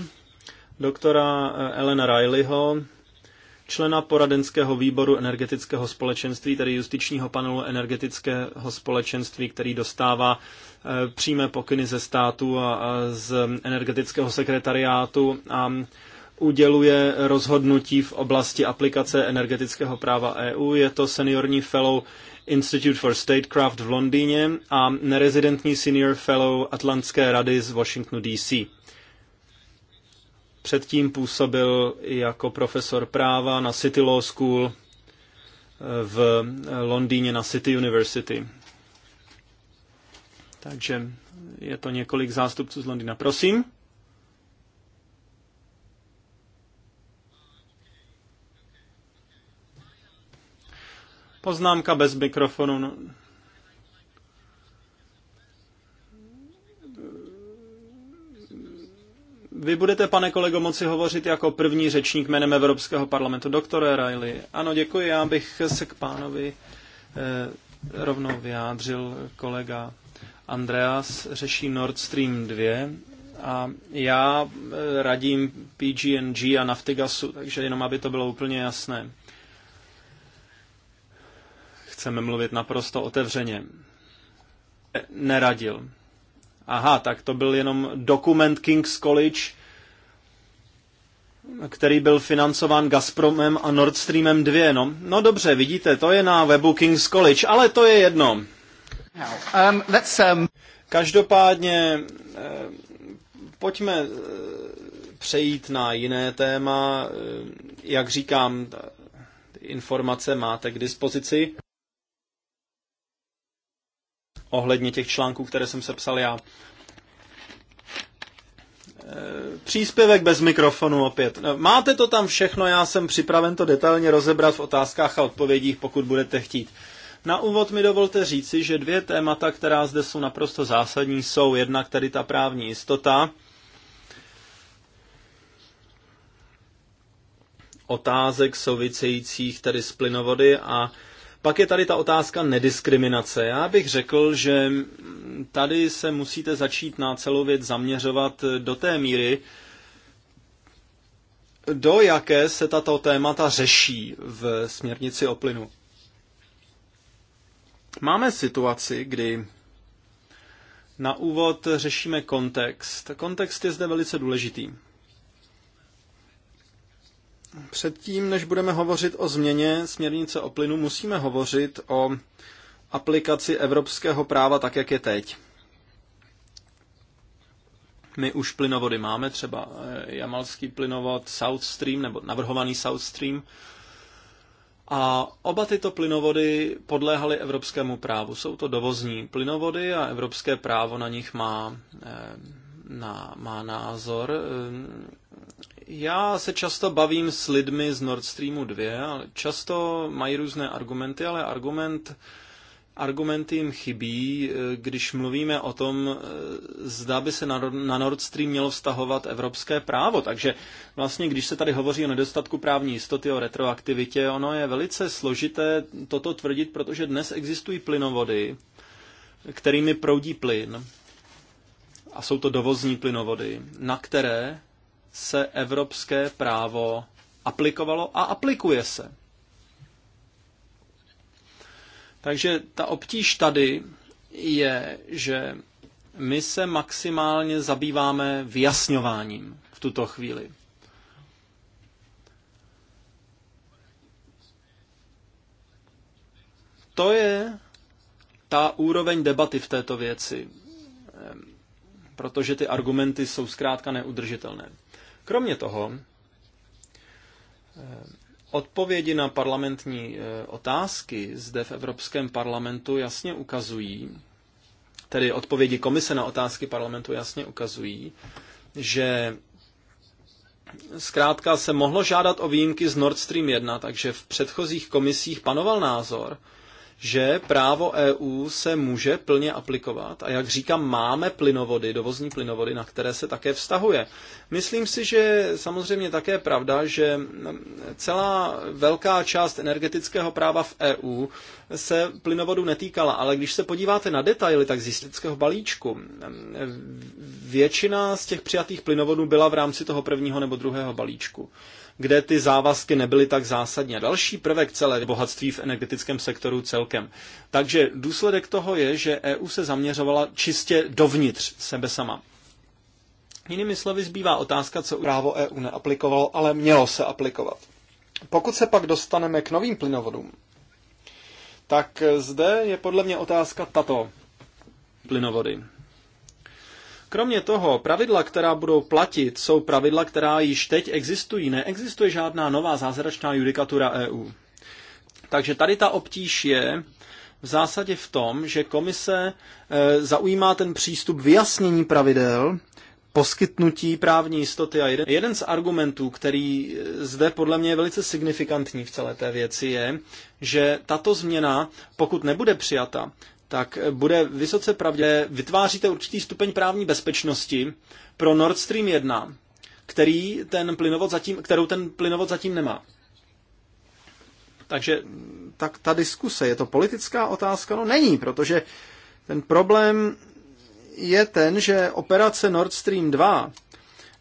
doktora Elena Rileyho, člena poradenského výboru energetického společenství, tedy justičního panelu energetického společenství, který dostává eh, přímé pokyny ze státu a z energetického sekretariátu a uděluje rozhodnutí v oblasti aplikace energetického práva EU. Je to seniorní fellow Institute for Statecraft v Londýně a nerezidentní senior fellow Atlantské rady z Washingtonu DC. Předtím působil jako profesor práva na City Law School eh, v Londýně na City University. Takže je to několik zástupců z Londýna. Prosím. Poznámka bez mikrofonu. Vy budete, pane kolego, moci hovořit jako první řečník jménem Evropského parlamentu. Doktore Riley, ano, děkuji, já bych se k pánovi eh, rovnou vyjádřil kolega Andreas, řeší Nord Stream 2 a já eh, radím PG&G a Naftigasu, takže jenom aby to bylo úplně jasné. Chceme mluvit naprosto otevřeně. Neradil. Aha, tak to byl jenom dokument King's College, který byl financován Gazpromem a Nord Streamem 2. No, no dobře, vidíte, to je na webu King's College, ale to je jedno. Um, um, Každopádně eh, pojďme eh, přejít na jiné téma. Eh, jak říkám, informace máte k dispozici ohledně těch článků, které jsem sepsal já. E, příspěvek bez mikrofonu opět. E, máte to tam všechno, já jsem připraven to detailně rozebrat v otázkách a odpovědích, pokud budete chtít. Na úvod mi dovolte říci, že dvě témata, která zde jsou naprosto zásadní, jsou jednak tedy ta právní jistota, otázek souvisejících tedy s plynovody a pak je tady ta otázka nediskriminace. Já bych řekl, že tady se musíte začít na celou věc zaměřovat do té míry, do jaké se tato témata řeší v směrnici o plynu. Máme situaci, kdy na úvod řešíme kontext. Kontext je zde velice důležitý. Předtím, než budeme hovořit o změně směrnice o plynu, musíme hovořit o aplikaci evropského práva tak, jak je teď. My už plynovody máme, třeba eh, jamalský plynovod South Stream nebo navrhovaný South Stream. A oba tyto plynovody podléhaly evropskému právu. Jsou to dovozní plynovody a evropské právo na nich má, eh, na, má názor. Eh, já se často bavím s lidmi z Nord Streamu 2, často mají různé argumenty, ale argument, argumenty jim chybí, eh, když mluvíme o tom, eh, zda by se na Nord Stream mělo vztahovat evropské právo. Takže vlastně, když se tady hovoří o nedostatku právní jistoty, o retroaktivitě, ono je velice složité toto tvrdit, protože dnes existují plynovody, kterými proudí plyn, a jsou to dovozní plynovody, na které se evropské právo aplikovalo a aplikuje se. Takže ta obtíž tady je, že my se maximálně zabýváme vyjasňováním v tuto chvíli. To je ta úroveň debaty v této věci, ehm, protože ty argumenty jsou zkrátka neudržitelné. Kromě toho, eh, odpovědi na parlamentní eh, otázky zde v Evropském parlamentu jasně ukazují, tedy odpovědi komise na otázky parlamentu jasně ukazují, že zkrátka se mohlo žádat o výjimky z Nord Stream 1, takže v předchozích komisích panoval názor, že právo EU se může plně aplikovat a jak říkám, máme plynovody, dovozní plynovody, na které se také vztahuje. Myslím si, že samozřejmě také pravda, že mm, celá velká část energetického práva v EU se plynovodu netýkala, ale když se podíváte na detaily tak jistického balíčku, mm, většina z těch přijatých plynovodů byla v rámci toho prvního nebo druhého balíčku kde ty závazky nebyly tak zásadní. A další prvek celé bohatství v energetickém sektoru celkem. Takže důsledek toho je, že EU se zaměřovala čistě dovnitř sebe sama. Jinými slovy zbývá otázka, co právo EU neaplikovalo, ale mělo se aplikovat. Pokud se pak dostaneme k novým plynovodům, tak zde je podle mě otázka tato. Plynovody. Kromě toho, pravidla, která budou platit, jsou pravidla, která již teď existují. Neexistuje žádná nová zázračná judikatura EU. Takže tady ta obtíž je v zásadě v tom, že komise e, zaujímá ten přístup vyjasnění pravidel, poskytnutí právní jistoty. A jeden, jeden z argumentů, který e, zde podle mě je velice signifikantní v celé té věci, je, že tato změna, pokud nebude přijata, tak bude vysoce pravdě, vytváříte určitý stupeň právní bezpečnosti pro Nord Stream 1, který ten plynovod zatím, kterou ten plynovod zatím nemá. Takže tak ta diskuse, je to politická otázka? No není, protože ten problém je ten, že operace Nord Stream 2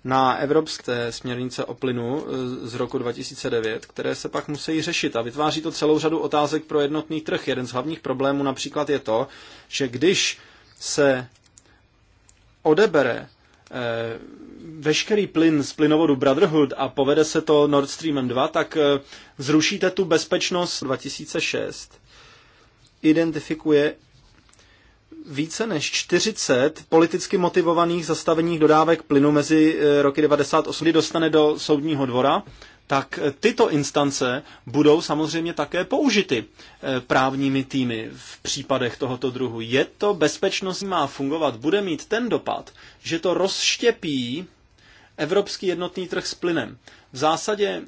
na evropské směrnice o plynu eh, z roku 2009, které se pak musí řešit a vytváří to celou řadu otázek pro jednotný trh. Jeden z hlavních problémů například je to, že když se odebere eh, veškerý plyn z plynovodu Brotherhood a povede se to Nord Stream 2, tak eh, zrušíte tu bezpečnost 2006. Identifikuje více než 40 politicky motivovaných zastaveních dodávek plynu mezi eh, roky 98 dostane do soudního dvora, tak eh, tyto instance budou samozřejmě také použity eh, právními týmy v případech tohoto druhu. Je to bezpečnost, má fungovat, bude mít ten dopad, že to rozštěpí evropský jednotný trh s plynem. V zásadě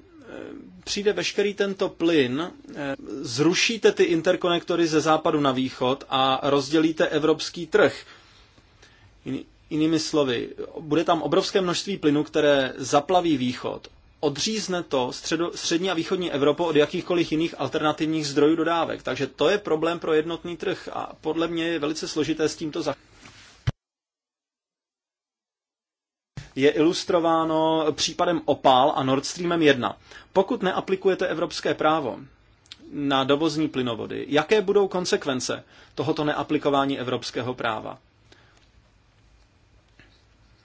přijde veškerý tento plyn, eh, zrušíte ty interkonektory ze západu na východ a rozdělíte evropský trh. Jinými slovy, bude tam obrovské množství plynu, které zaplaví východ. Odřízne to středo, střední a východní Evropu od jakýchkoliv jiných alternativních zdrojů dodávek. Takže to je problém pro jednotný trh a podle mě je velice složité s tímto zachovat. je ilustrováno případem Opal a Nord Streamem 1. Pokud neaplikujete evropské právo na dovozní plynovody, jaké budou konsekvence tohoto neaplikování evropského práva?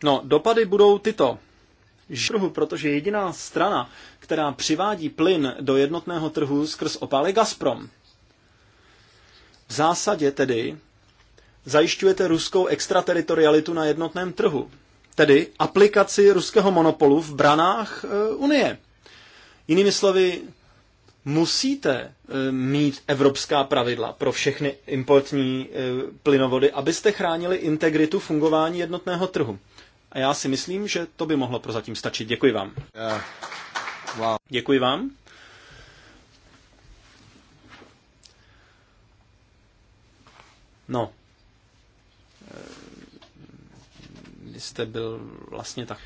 No, dopady budou tyto. Žruhu, protože jediná strana, která přivádí plyn do jednotného trhu skrz opál je Gazprom. V zásadě tedy zajišťujete ruskou extrateritorialitu na jednotném trhu tedy aplikaci ruského monopolu v branách eh, Unie. Jinými slovy, musíte eh, mít evropská pravidla pro všechny importní eh, plynovody, abyste chránili integritu fungování jednotného trhu. A já si myslím, že to by mohlo prozatím stačit. Děkuji vám. Wow. Děkuji vám. No, jste byl vlastně tak.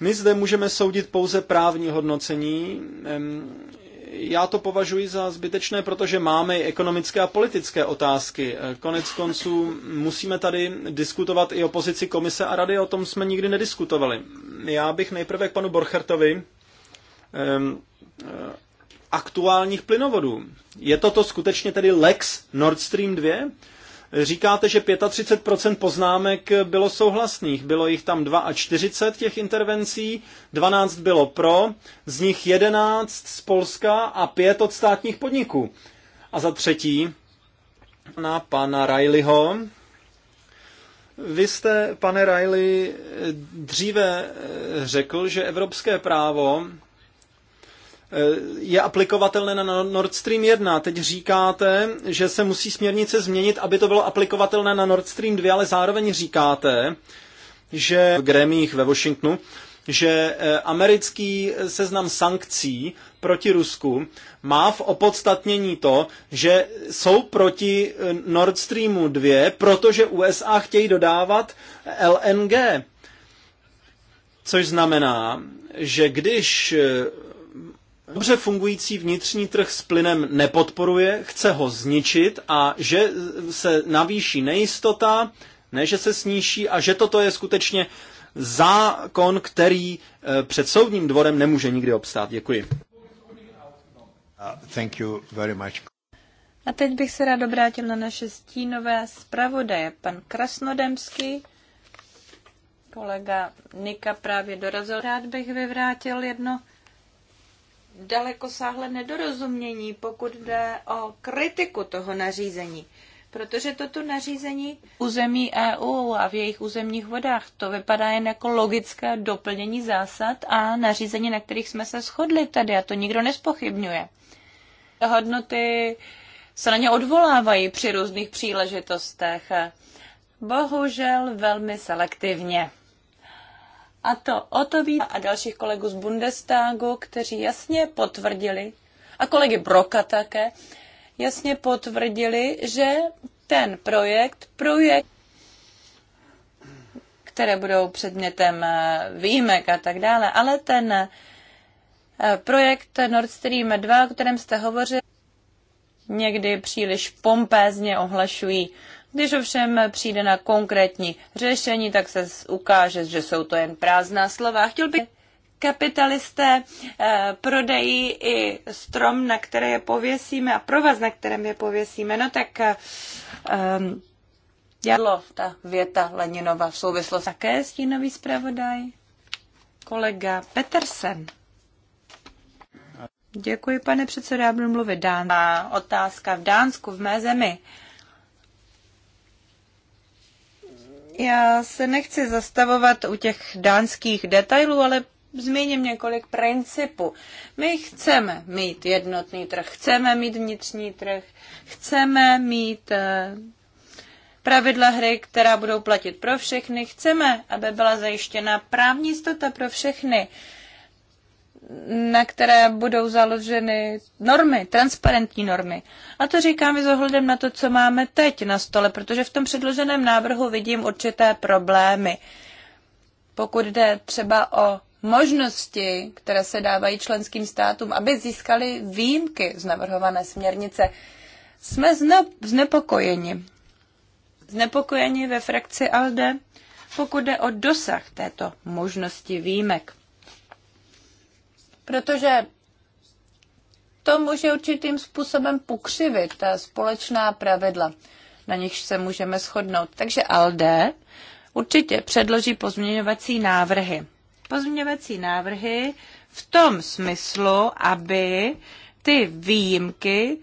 My zde můžeme soudit pouze právní hodnocení. Já to považuji za zbytečné, protože máme i ekonomické a politické otázky. E, konec konců musíme tady diskutovat i o pozici komise a rady, o tom jsme nikdy nediskutovali. Já bych nejprve k panu Borchertovi e, aktuálních plynovodů. Je toto skutečně tedy Lex Nord Stream 2? Říkáte, že 35% poznámek bylo souhlasných. Bylo jich tam 42 těch intervencí, 12 bylo pro, z nich 11 z Polska a 5 od státních podniků. A za třetí, na pana Rileyho. Vy jste, pane Riley, dříve řekl, že evropské právo Eh, je aplikovatelné na Nord Stream 1. Teď říkáte, že se musí směrnice změnit, aby to bylo aplikovatelné na Nord Stream 2, ale zároveň říkáte, že v grémích ve Washingtonu, že eh, americký eh, seznam sankcí proti Rusku má v opodstatnění to, že jsou proti Nord Streamu 2, protože USA chtějí dodávat LNG. Což znamená, že když dobře fungující vnitřní trh s plynem nepodporuje, chce ho zničit a že se navýší nejistota, ne že se sníží a že toto je skutečně zákon, který eh, před soudním dvorem nemůže nikdy obstát. Děkuji. Uh, thank you very much. A teď bych se rád obrátil na naše stínové zpravodaje. Pan Krasnodemský, kolega Nika právě dorazil. Rád bych vyvrátil jedno dalekosáhle nedorozumění, pokud jde o kritiku toho nařízení. Protože toto nařízení území EU a v jejich územních vodách, to vypadá jen jako logické doplnění zásad a nařízení, na kterých jsme se shodli tady a to nikdo nespochybňuje. Hodnoty se na ně odvolávají při různých příležitostech. Bohužel velmi selektivně. A to o to víc a dalších kolegů z Bundestagu, kteří jasně potvrdili, a kolegy Broka také, jasně potvrdili, že ten projekt, projekt, které budou předmětem eh, výjimek a tak dále, ale ten eh, projekt Nord Stream 2, o kterém jste hovořili, někdy příliš pompézně ohlašují když ovšem přijde na konkrétní řešení, tak se ukáže, že jsou to jen prázdná slova. Chtěl bych kapitalisté eh, prodají i strom, na které je pověsíme a provaz, na kterém je pověsíme. No tak eh, ehm, já ta věta Leninova v souvislosti také stínový zpravodaj. Kolega Petersen. Děkuji, pane předsedo, já budu mluvit dán. A otázka v Dánsku, v mé zemi. Eh, Já se nechci zastavovat u těch dánských detailů, ale zmíním několik principů. My chceme mít jednotný trh, chceme mít vnitřní trh, chceme mít eh, pravidla hry, která budou platit pro všechny, chceme, aby byla zajištěna právní jistota pro všechny na které budou založeny normy, transparentní normy. A to říkám i s ohledem na to, co máme teď na stole, protože v tom předloženém návrhu vidím určité problémy. Pokud jde třeba o možnosti, které se dávají členským státům, aby získali výjimky z navrhované směrnice, jsme zne- znepokojeni. Znepokojeni ve frakci ALDE, pokud jde o dosah této možnosti výjimek protože to může určitým způsobem pokřivit ta společná pravidla, na nichž se můžeme shodnout. Takže ALD určitě předloží pozměňovací návrhy. Pozměňovací návrhy v tom smyslu, aby ty výjimky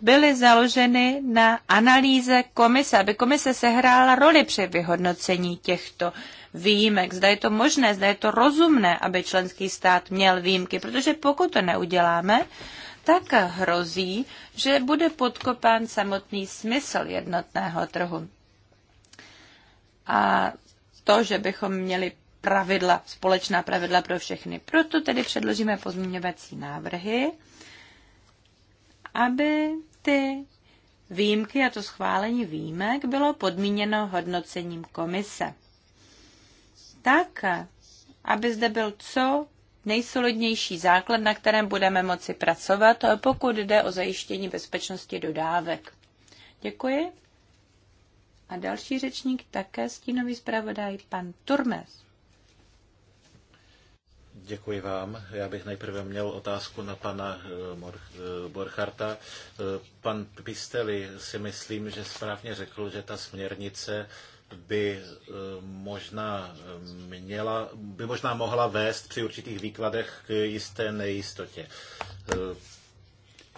byly založeny na analýze komise, aby komise sehrála roli při vyhodnocení těchto výjimek. Zda je to možné, zda je to rozumné, aby členský stát měl výjimky, protože pokud to neuděláme, tak hrozí, že bude podkopán samotný smysl jednotného trhu. A to, že bychom měli pravidla, společná pravidla pro všechny. Proto tedy předložíme pozměňovací návrhy, aby ty výjimky a to schválení výjimek bylo podmíněno hodnocením komise tak, aby zde byl co nejsolidnější základ, na kterém budeme moci pracovat, pokud jde o zajištění bezpečnosti dodávek. Děkuji. A další řečník také stínový zpravodaj, pan Turmes. Děkuji vám. Já bych nejprve měl otázku na pana eh, eh, Borcharta. Eh, pan Pisteli si myslím, že správně řekl, že ta směrnice by eh, možná, eh, měla, by možná mohla vést při určitých výkladech k jisté nejistotě. Eh,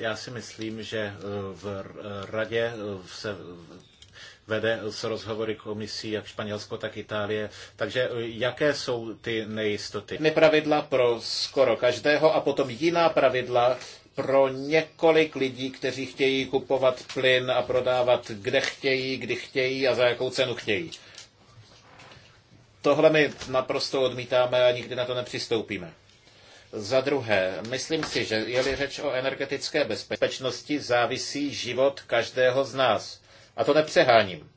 já si myslím, že v radě se vede s rozhovory komisí jak Španělsko, tak Itálie. Takže jaké jsou ty nejistoty? Nepravidla pro skoro každého a potom jiná pravidla pro několik lidí, kteří chtějí kupovat plyn a prodávat kde chtějí, kdy chtějí a za jakou cenu chtějí. Tohle my naprosto odmítáme a nikdy na to nepřistoupíme. Za druhé, myslím si, že je-li řeč o energetické bezpečnosti, závisí život každého z nás. A to nepřeháním.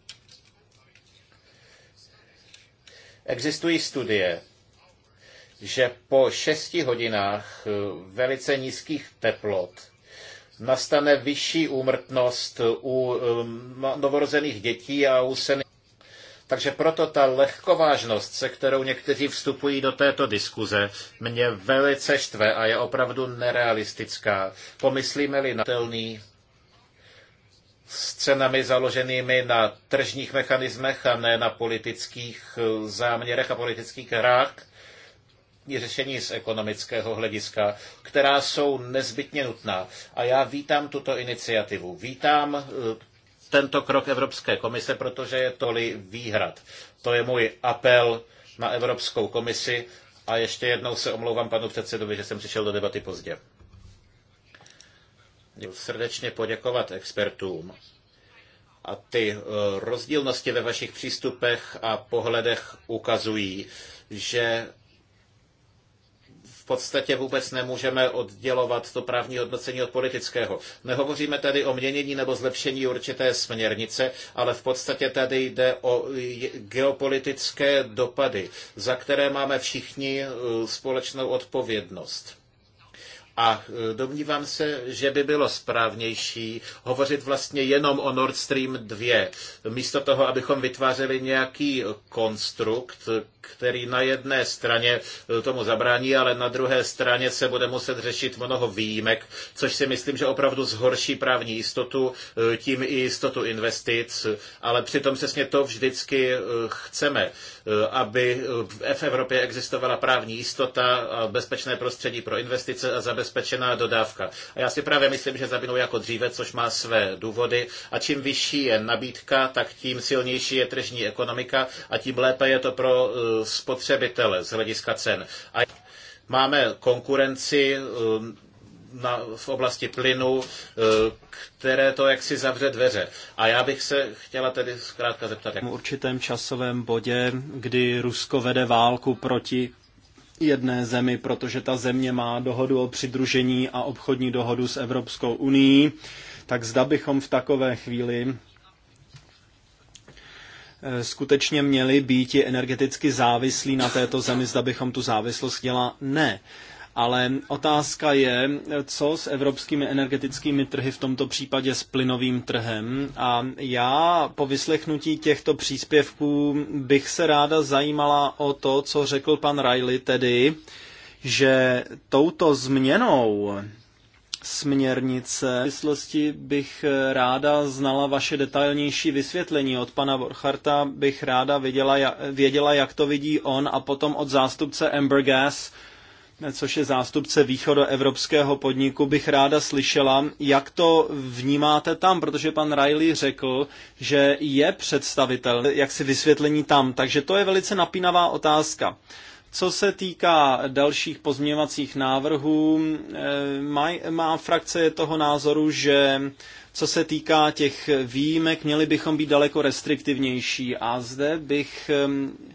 Existují studie, že po šesti hodinách eh, velice nízkých teplot nastane vyšší úmrtnost u eh, novorozených dětí a u seniorů. Takže proto ta lehkovážnost, se kterou někteří vstupují do této diskuze, mě velice štve a je opravdu nerealistická. Pomyslíme-li na telný s cenami založenými na tržních mechanismech a ne na politických eh, záměrech a politických hrách, řešení z ekonomického hlediska, která jsou nezbytně nutná. A já vítám tuto iniciativu. Vítám eh, tento krok Evropské komise, protože je toli výhrad. To je můj apel na Evropskou komisi a ještě jednou se omlouvám panu předsedovi, že jsem přišel do debaty pozdě. Srdečně poděkovat expertům a ty eh, rozdílnosti ve vašich přístupech a pohledech ukazují, že podstatě vůbec nemůžeme oddělovat to právní hodnocení od politického. Nehovoříme tady o měnění nebo zlepšení určité směrnice, ale v podstatě tady jde o geopolitické dopady, za které máme všichni eh, společnou odpovědnost. A e, domnívám se, že by bylo správnější hovořit vlastně jenom o Nord Stream 2, místo toho, abychom vytvářeli nějaký konstrukt, který na jedné straně e, tomu zabrání, ale na druhé straně se bude muset řešit mnoho výjimek, což si myslím, že opravdu zhorší právní jistotu, e, tím i jistotu investic, ale přitom přesně to vždycky chceme, aby v Evropě existovala právní jistota, bezpečné prostředí pro investice a zabezpečení zabezpečená dodávka. A já si právě myslím, že zabinou jako dříve, což má své důvody. A čím vyšší je nabídka, tak tím silnější je tržní ekonomika a tím lépe je to pro eh, spotřebitele z hlediska cen. A máme konkurenci eh, na, v oblasti plynu, eh, které to jaksi zavře dveře. A já bych se chtěla tedy zkrátka zeptat. Jak... V určitém časovém bodě, kdy Rusko vede válku proti jedné zemi, protože ta země má dohodu o přidružení a obchodní dohodu s Evropskou unii, tak zda bychom v takové chvíli eh, skutečně měli být energeticky závislí na této zemi, zda bychom tu závislost chtěla? Ne ale otázka je, co s evropskými energetickými trhy v tomto případě s plynovým trhem. A já po vyslechnutí těchto příspěvků bych se ráda zajímala o to, co řekl pan Riley, tedy, že touto změnou směrnice. V myslosti bych ráda znala vaše detailnější vysvětlení. Od pana Borcharta bych ráda věděla, věděla, jak to vidí on a potom od zástupce Amber Gas což je zástupce východoevropského podniku, bych ráda slyšela, jak to vnímáte tam, protože pan Riley řekl, že je představitel, jak si vysvětlení tam, takže to je velice napínavá otázka. Co se týká dalších pozměňovacích návrhů, eh, má, má frakce toho názoru, že co se týká těch výjimek, měli bychom být daleko restriktivnější. A zde bych eh,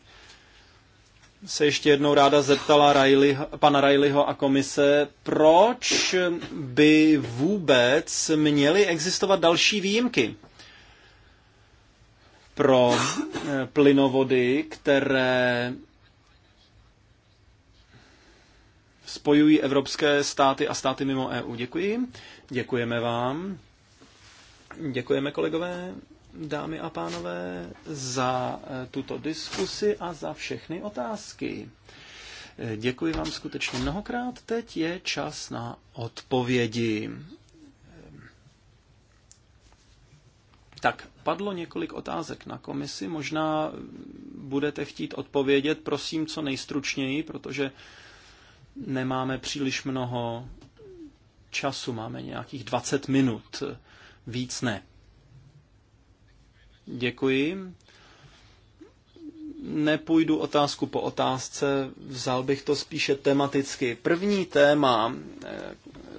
se ještě jednou ráda zeptala Riley, pana Rileyho a komise, proč by vůbec měly existovat další výjimky pro eh, plynovody, které spojují evropské státy a státy mimo EU. Děkuji. Děkujeme vám. Děkujeme, kolegové dámy a pánové, za eh, tuto diskusi a za všechny otázky. Eh, děkuji vám skutečně mnohokrát. Teď je čas na odpovědi. Eh, tak, padlo několik otázek na komisi. Možná budete chtít odpovědět, prosím, co nejstručněji, protože nemáme příliš mnoho času. Máme nějakých 20 minut. Víc ne. Děkuji. Nepůjdu otázku po otázce, vzal bych to spíše tematicky. První téma eh,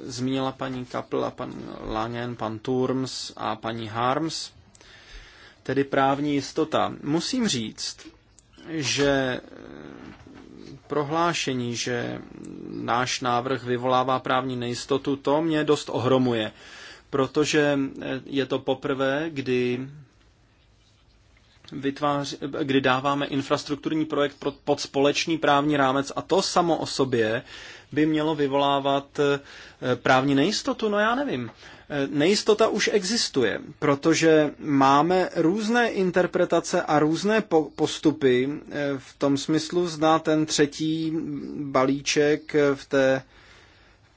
zmínila paní Kapl a pan Langen, pan Turms a paní Harms, tedy právní jistota. Musím říct, že eh, prohlášení, že náš návrh vyvolává právní nejistotu, to mě dost ohromuje, protože eh, je to poprvé, kdy vytvář, kdy dáváme infrastrukturní projekt pod společný právní rámec a to samo o sobě by mělo vyvolávat eh, právní nejistotu, no já nevím. Eh, nejistota už existuje, protože máme různé interpretace a různé postupy eh, v tom smyslu, zná ten třetí balíček v té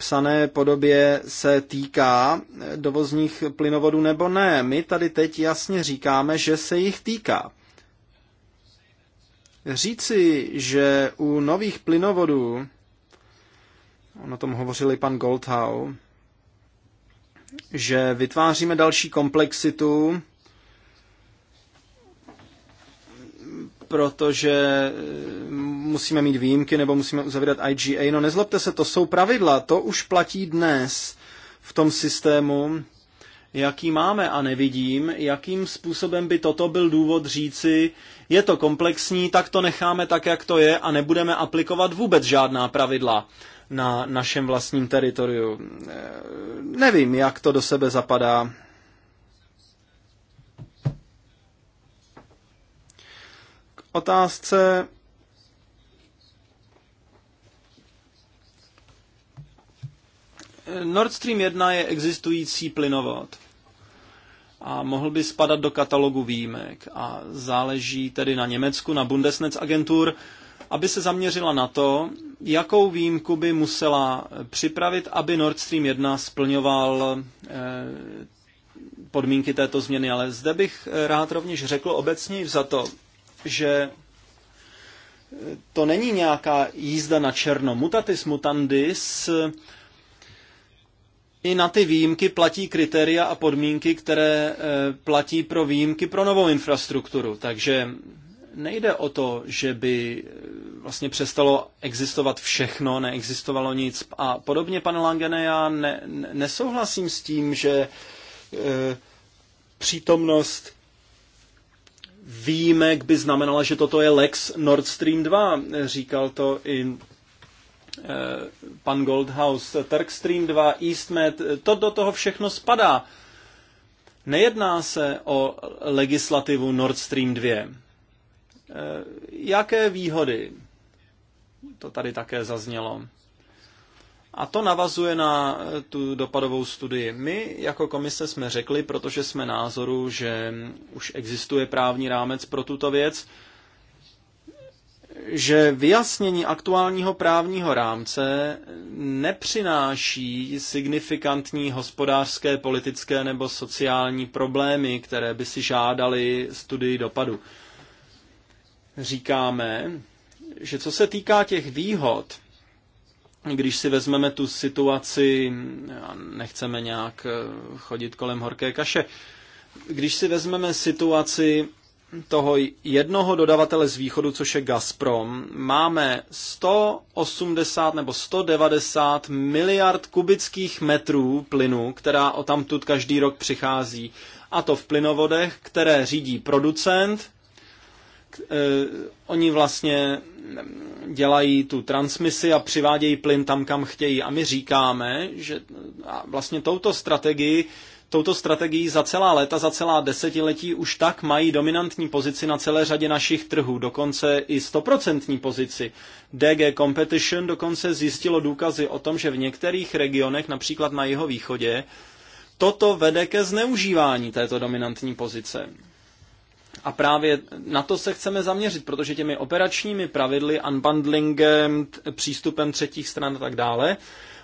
psané podobě se týká dovozních plynovodů nebo ne. My tady teď jasně říkáme, že se jich týká. Říci, že u nových plynovodů, on o tom hovořil i pan Goldhau, že vytváříme další komplexitu protože eh, musíme mít výjimky nebo musíme uzavírat IGA. No nezlobte se, to jsou pravidla, to už platí dnes v tom systému, jaký máme a nevidím, jakým způsobem by toto byl důvod říci, je to komplexní, tak to necháme tak, jak to je a nebudeme aplikovat vůbec žádná pravidla na našem vlastním teritoriu. Eh, nevím, jak to do sebe zapadá. otázce Nord Stream 1 je existující plynovod a mohl by spadat do katalogu výjimek a záleží tedy na Německu, na Bundesnetzagentur, aby se zaměřila na to, jakou výjimku by musela připravit, aby Nord Stream 1 splňoval eh, podmínky této změny. Ale zde bych rád rovněž řekl obecně za to, že eh, to není nějaká jízda na černo. Mutatis mutandis eh, i na ty výjimky platí kritéria a podmínky, které eh, platí pro výjimky pro novou infrastrukturu. Takže nejde o to, že by vlastně přestalo existovat všechno, neexistovalo nic. A podobně, pane Langene, já ne, nesouhlasím s tím, že e, přítomnost výjimek by znamenala, že toto je Lex Nord Stream 2. Říkal to i eh, pan Goldhouse, Turk Stream 2, EastMed, to do toho všechno spadá. Nejedná se o legislativu Nord Stream 2. Eh, jaké výhody? To tady také zaznělo. A to navazuje na eh, tu dopadovou studii. My jako komise jsme řekli, protože jsme názoru, že už existuje právní rámec pro tuto věc, že vyjasnění aktuálního právního rámce nepřináší signifikantní hospodářské, politické nebo sociální problémy, které by si žádali studii dopadu. Říkáme, že co se týká těch výhod, když si vezmeme tu situaci, nechceme nějak eh, chodit kolem horké kaše, když si vezmeme situaci toho jednoho dodavatele z východu, což je Gazprom, máme 180 nebo 190 miliard kubických metrů plynu, která o tamtud každý rok přichází. A to v plynovodech, které řídí producent, Eh, oni vlastně dělají tu transmisi a přivádějí plyn tam, kam chtějí. A my říkáme, že vlastně touto strategii touto strategií za celá léta, za celá desetiletí už tak mají dominantní pozici na celé řadě našich trhů, dokonce i stoprocentní pozici. DG Competition dokonce zjistilo důkazy o tom, že v některých regionech, například na jeho východě, toto vede ke zneužívání této dominantní pozice. A právě na to se chceme zaměřit, protože těmi operačními pravidly, unbundlingem, přístupem třetích stran a tak dále,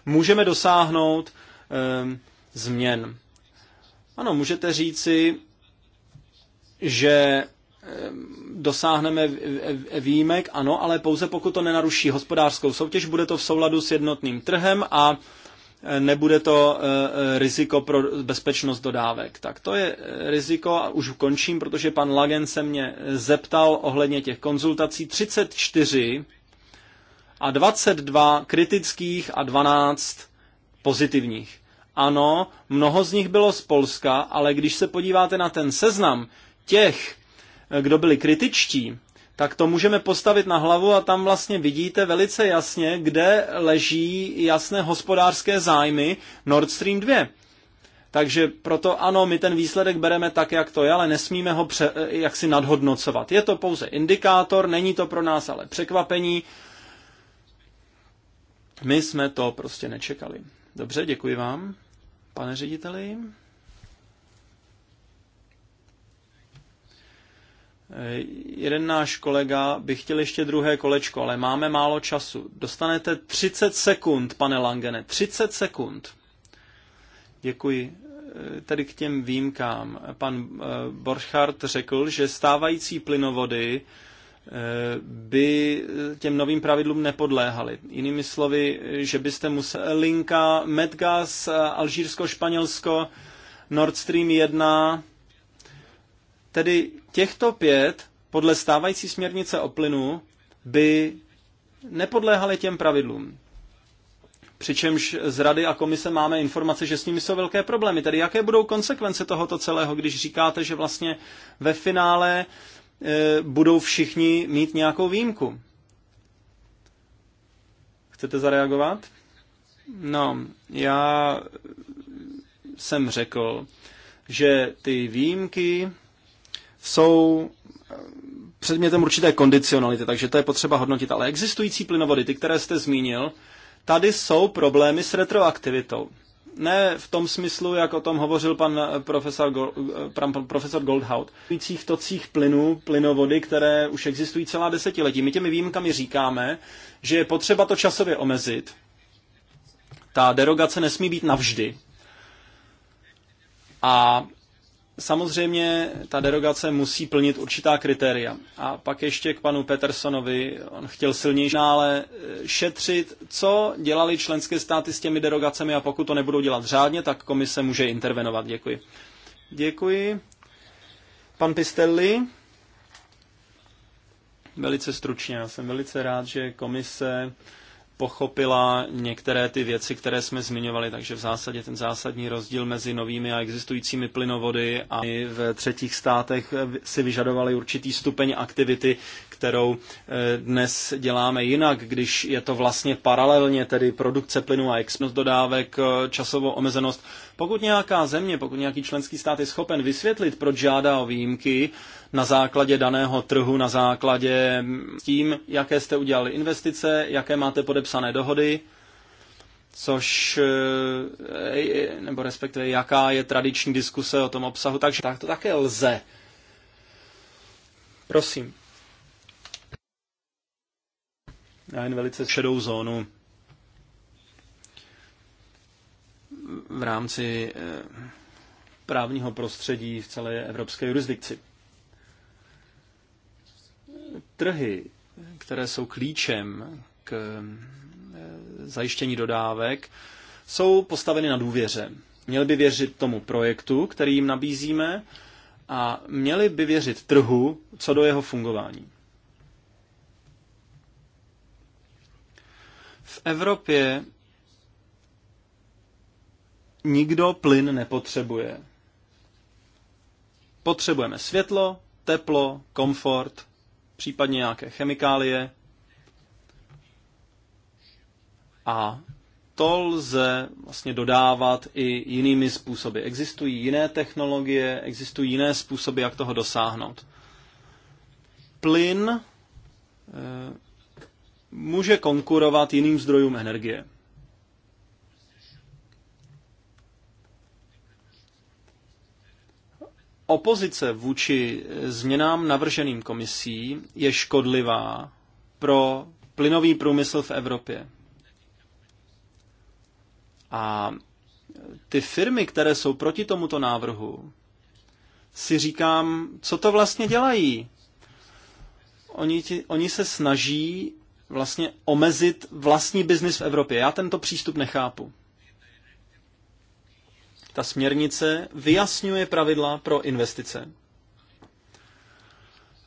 můžeme dosáhnout e, změn. Ano, můžete říci, že ehm, dosáhneme výjimek, ano, ale pouze pokud to nenaruší hospodářskou soutěž, bude to v souladu s jednotným trhem a nebude to eh, eh, riziko pro bezpečnost dodávek. Tak to je eh, riziko a už končím, protože pan Lagen se mě zeptal ohledně těch konzultací 34 a 22 kritických a 12 pozitivních. Ano, mnoho z nich bylo z Polska, ale když se podíváte na ten seznam těch, kdo byli kritičtí, tak to můžeme postavit na hlavu a tam vlastně vidíte velice jasně, kde leží jasné hospodářské zájmy Nord Stream 2. Takže proto ano, my ten výsledek bereme tak, jak to je, ale nesmíme ho pře- eh, jaksi nadhodnocovat. Je to pouze indikátor, není to pro nás ale překvapení. My jsme to prostě nečekali. Dobře, děkuji vám, pane řediteli. Eh, jeden náš kolega by chtěl ještě druhé kolečko, ale máme málo času. Dostanete 30 sekund, pane Langene, 30 sekund. Děkuji. Eh, Tady k těm výjimkám. Pan eh, Borchardt řekl, že stávající plynovody by těm novým pravidlům nepodléhaly. Jinými slovy, že byste museli linka Medgas, Alžírsko, Španělsko, Nord Stream 1, Tedy těchto pět podle stávající směrnice o plynu by nepodléhaly těm pravidlům. Přičemž z Rady a komise máme informace, že s nimi jsou velké problémy. Tedy jaké budou konsekvence tohoto celého, když říkáte, že vlastně ve finále e, budou všichni mít nějakou výjimku? Chcete zareagovat? No, já jsem řekl, že ty výjimky jsou eh, předmětem určité kondicionality, takže to je potřeba hodnotit. Ale existující plynovody, ty, které jste zmínil, tady jsou problémy s retroaktivitou. Ne v tom smyslu, jak o tom hovořil pan eh, profesor, Go, eh, pan profesor Goldhout. V tocích plynů, plynovody, které už existují celá desetiletí. My těmi výjimkami říkáme, že je potřeba to časově omezit. Ta derogace nesmí být navždy. A Samozřejmě ta derogace musí plnit určitá kritéria. A pak ještě k panu Petersonovi, on chtěl silnější, ale eh, šetřit, co dělali členské státy s těmi derogacemi a pokud to nebudou dělat řádně, tak komise může intervenovat. Děkuji. Děkuji. Pan Pistelli. Velice stručně, já jsem velice rád, že komise pochopila některé ty věci, které jsme zmiňovali, takže v zásadě ten zásadní rozdíl mezi novými a existujícími plynovody a v třetích státech si vyžadovali určitý stupeň aktivity, kterou eh, dnes děláme jinak, když je to vlastně paralelně, tedy produkce plynu a exnost dodávek, eh, časovou omezenost pokud nějaká země, pokud nějaký členský stát je schopen vysvětlit, proč žádá o výjimky na základě daného trhu, na základě tím, jaké jste udělali investice, jaké máte podepsané dohody, což, eh, nebo respektive jaká je tradiční diskuse o tom obsahu, takže tak to také lze. Prosím. Já jen velice šedou zónu v rámci eh, právního prostředí v celé evropské jurisdikci. Trhy, které jsou klíčem k eh, zajištění dodávek, jsou postaveny na důvěře. Měli by věřit tomu projektu, který jim nabízíme, a měli by věřit trhu co do jeho fungování. V Evropě nikdo plyn nepotřebuje. Potřebujeme světlo, teplo, komfort, případně nějaké chemikálie. A to lze vlastně dodávat i jinými způsoby. Existují jiné technologie, existují jiné způsoby, jak toho dosáhnout. Plyn eh, může konkurovat jiným zdrojům energie. Opozice vůči eh, změnám navrženým komisí je škodlivá pro plynový průmysl v Evropě. A ty firmy, které jsou proti tomuto návrhu, si říkám, co to vlastně dělají. Oni, ti, oni se snaží vlastně omezit vlastní biznis v Evropě. Já tento přístup nechápu. Ta směrnice vyjasňuje pravidla pro investice.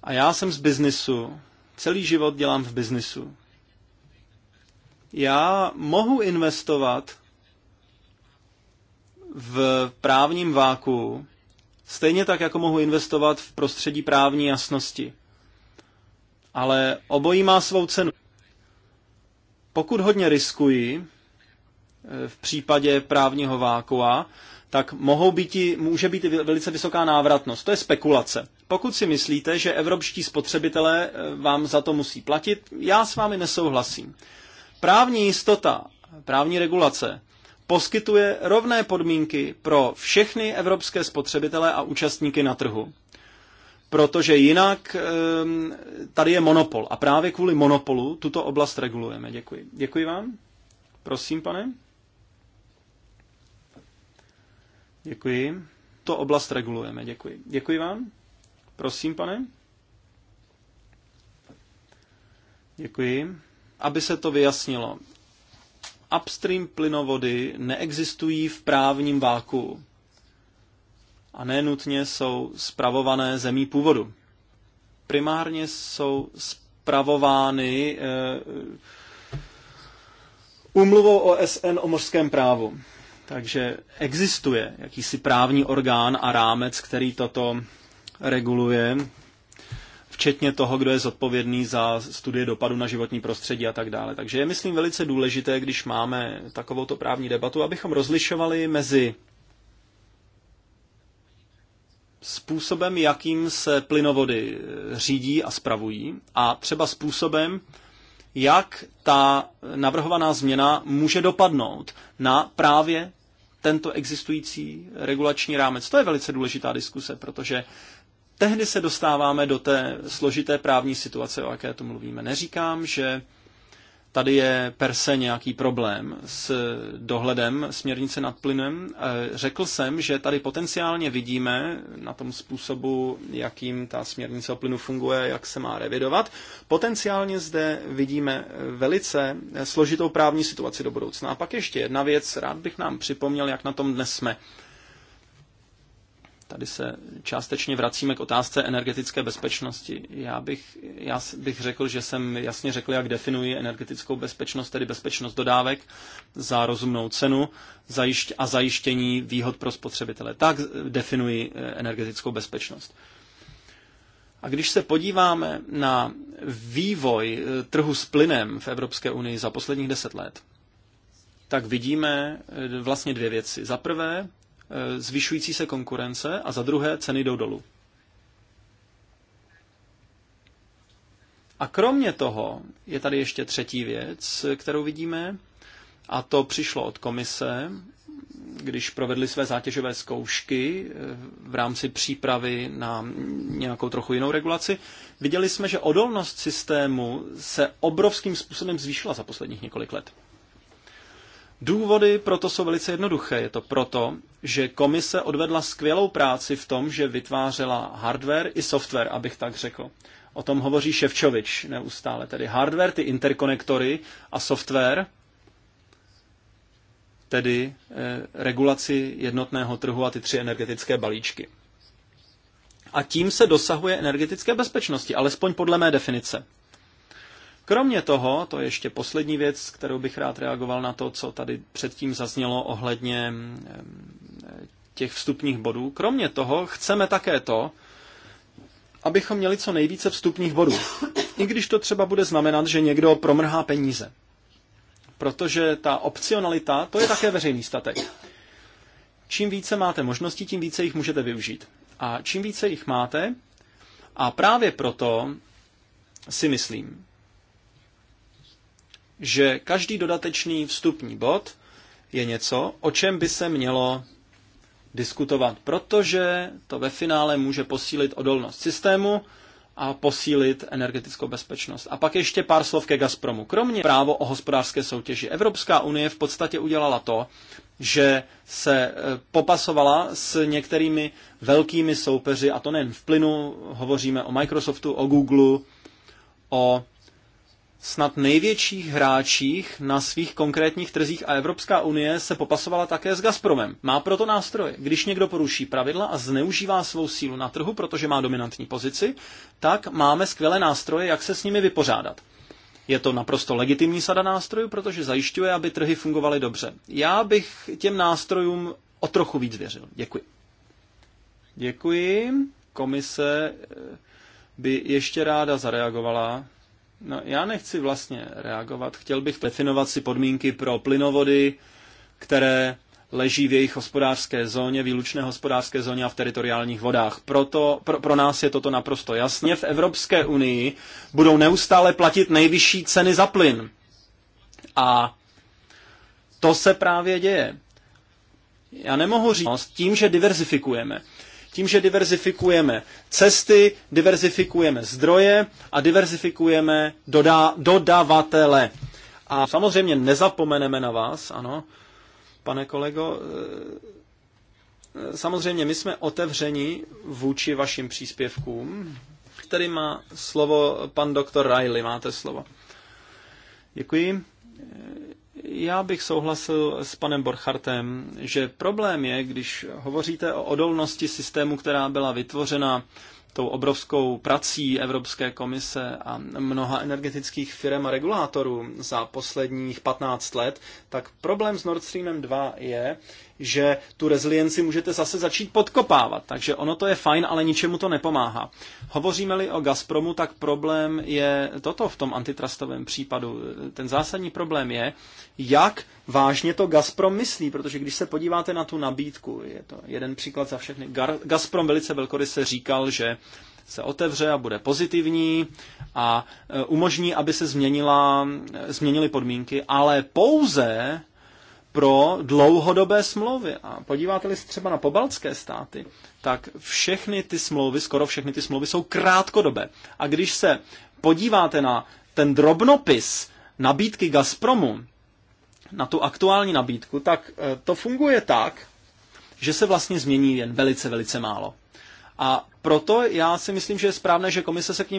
A já jsem z biznisu. Celý život dělám v biznisu. Já mohu investovat v právním váku, stejně tak, jako mohu investovat v prostředí právní jasnosti. Ale obojí má svou cenu. Pokud hodně riskuji eh, v případě právního vákua, tak mohou být, může být velice vysoká návratnost. To je spekulace. Pokud si myslíte, že evropští spotřebitelé eh, vám za to musí platit, já s vámi nesouhlasím. Právní jistota, právní regulace poskytuje rovné podmínky pro všechny evropské spotřebitele a účastníky na trhu. Protože jinak ehm, tady je monopol. A právě kvůli monopolu tuto oblast regulujeme. Děkuji. Děkuji vám. Prosím, pane. Děkuji. To oblast regulujeme. Děkuji. Děkuji vám. Prosím, pane. Děkuji. Aby se to vyjasnilo. Upstream plynovody neexistují v právním váku a nenutně jsou spravované zemí původu. Primárně jsou spravovány e, eh, umluvou OSN o mořském právu. Takže existuje jakýsi právní orgán a rámec, který toto reguluje, včetně toho, kdo je zodpovědný za studie dopadu na životní prostředí a tak dále. Takže je, myslím, velice důležité, když máme takovouto právní debatu, abychom rozlišovali mezi způsobem, jakým se plynovody řídí a spravují a třeba způsobem, jak ta navrhovaná změna může dopadnout na právě tento existující regulační rámec. To je velice důležitá diskuse, protože tehdy se dostáváme do té složité právní situace, o jaké tu mluvíme. Neříkám, že tady je per se nějaký problém s dohledem směrnice nad plynem. E, řekl jsem, že tady potenciálně vidíme na tom způsobu, jakým ta směrnice o plynu funguje, jak se má revidovat. Potenciálně zde vidíme velice složitou právní situaci do budoucna. A pak ještě jedna věc, rád bych nám připomněl, jak na tom dnes jsme. Tady se částečně vracíme k otázce energetické bezpečnosti. Já bych, já bych řekl, že jsem jasně řekl, jak definuji energetickou bezpečnost, tedy bezpečnost dodávek za rozumnou cenu a zajištění výhod pro spotřebitele. Tak definuji eh, energetickou bezpečnost. A když se podíváme na vývoj eh, trhu s plynem v Evropské unii za posledních deset let, tak vidíme eh, vlastně dvě věci. Za prvé, Eh, zvyšující se konkurence a za druhé ceny jdou dolů. A kromě toho je tady ještě třetí věc, kterou vidíme, a to přišlo od komise, když provedli své zátěžové zkoušky eh, v rámci přípravy na nějakou trochu jinou regulaci. Viděli jsme, že odolnost systému se obrovským způsobem zvýšila za posledních několik let. Důvody proto jsou velice jednoduché. Je to proto, že komise odvedla skvělou práci v tom, že vytvářela hardware i software, abych tak řekl. O tom hovoří Ševčovič neustále. Tedy hardware, ty interkonektory a software, tedy eh, regulaci jednotného trhu a ty tři energetické balíčky. A tím se dosahuje energetické bezpečnosti, alespoň podle mé definice. Kromě toho, to je ještě poslední věc, kterou bych rád reagoval na to, co tady předtím zaznělo ohledně těch vstupních bodů. Kromě toho chceme také to, abychom měli co nejvíce vstupních bodů. I když to třeba bude znamenat, že někdo promrhá peníze. Protože ta opcionalita, to je také veřejný statek. Čím více máte možností, tím více jich můžete využít. A čím více jich máte, a právě proto si myslím, že každý dodatečný vstupní bod je něco, o čem by se mělo diskutovat, protože to ve finále může posílit odolnost systému a posílit energetickou bezpečnost. A pak ještě pár slov ke Gazpromu. Kromě právo o hospodářské soutěži, Evropská unie v podstatě udělala to, že se e, popasovala s některými velkými soupeři, a to nejen v plynu, hovoříme o Microsoftu, o Google, o snad největších hráčích na svých konkrétních trzích a Evropská unie se popasovala také s Gazpromem. Má proto nástroje. Když někdo poruší pravidla a zneužívá svou sílu na trhu, protože má dominantní pozici, tak máme skvělé nástroje, jak se s nimi vypořádat. Je to naprosto legitimní sada nástrojů, protože zajišťuje, aby trhy fungovaly dobře. Já bych těm nástrojům o trochu víc věřil. Děkuji. Děkuji. Komise eh, by ještě ráda zareagovala. No, já nechci vlastně reagovat. Chtěl bych definovat si podmínky pro plynovody, které leží v jejich hospodářské zóně, výlučné hospodářské zóně a v teritoriálních vodách. Proto pro, pro nás je toto naprosto jasné. V Evropské unii budou neustále platit nejvyšší ceny za plyn. A to se právě děje. Já nemohu říct, tím, že diverzifikujeme, tím, že diverzifikujeme cesty, diverzifikujeme zdroje a diverzifikujeme dodá, dodavatele. A samozřejmě nezapomeneme na vás, ano, pane kolego. Eh, samozřejmě my jsme otevřeni vůči vašim příspěvkům. Tady má slovo pan doktor Riley, máte slovo. Děkuji. Já bych souhlasil s panem Borchartem, že problém je, když hovoříte o odolnosti systému, která byla vytvořena tou obrovskou prací Evropské komise a mnoha energetických firm a regulátorů za posledních 15 let, tak problém s Nord Streamem 2 je, že tu rezilienci můžete zase začít podkopávat. Takže ono to je fajn, ale ničemu to nepomáhá. Hovoříme-li o Gazpromu, tak problém je toto v tom antitrustovém případu. Ten zásadní problém je, jak vážně to Gazprom myslí, protože když se podíváte na tu nabídku, je to jeden příklad za všechny. Gazprom velice velkoryse říkal, že se otevře a bude pozitivní a e, umožní, aby se změnila, e, změnily podmínky, ale pouze pro dlouhodobé smlouvy. A podíváte-li se třeba na pobaltské státy, tak všechny ty smlouvy, skoro všechny ty smlouvy jsou krátkodobé. A když se podíváte na ten drobnopis nabídky Gazpromu, na tu aktuální nabídku, tak eh, to funguje tak, že se vlastně změní jen velice, velice málo. A proto já si myslím, že je správné, že komise se k ním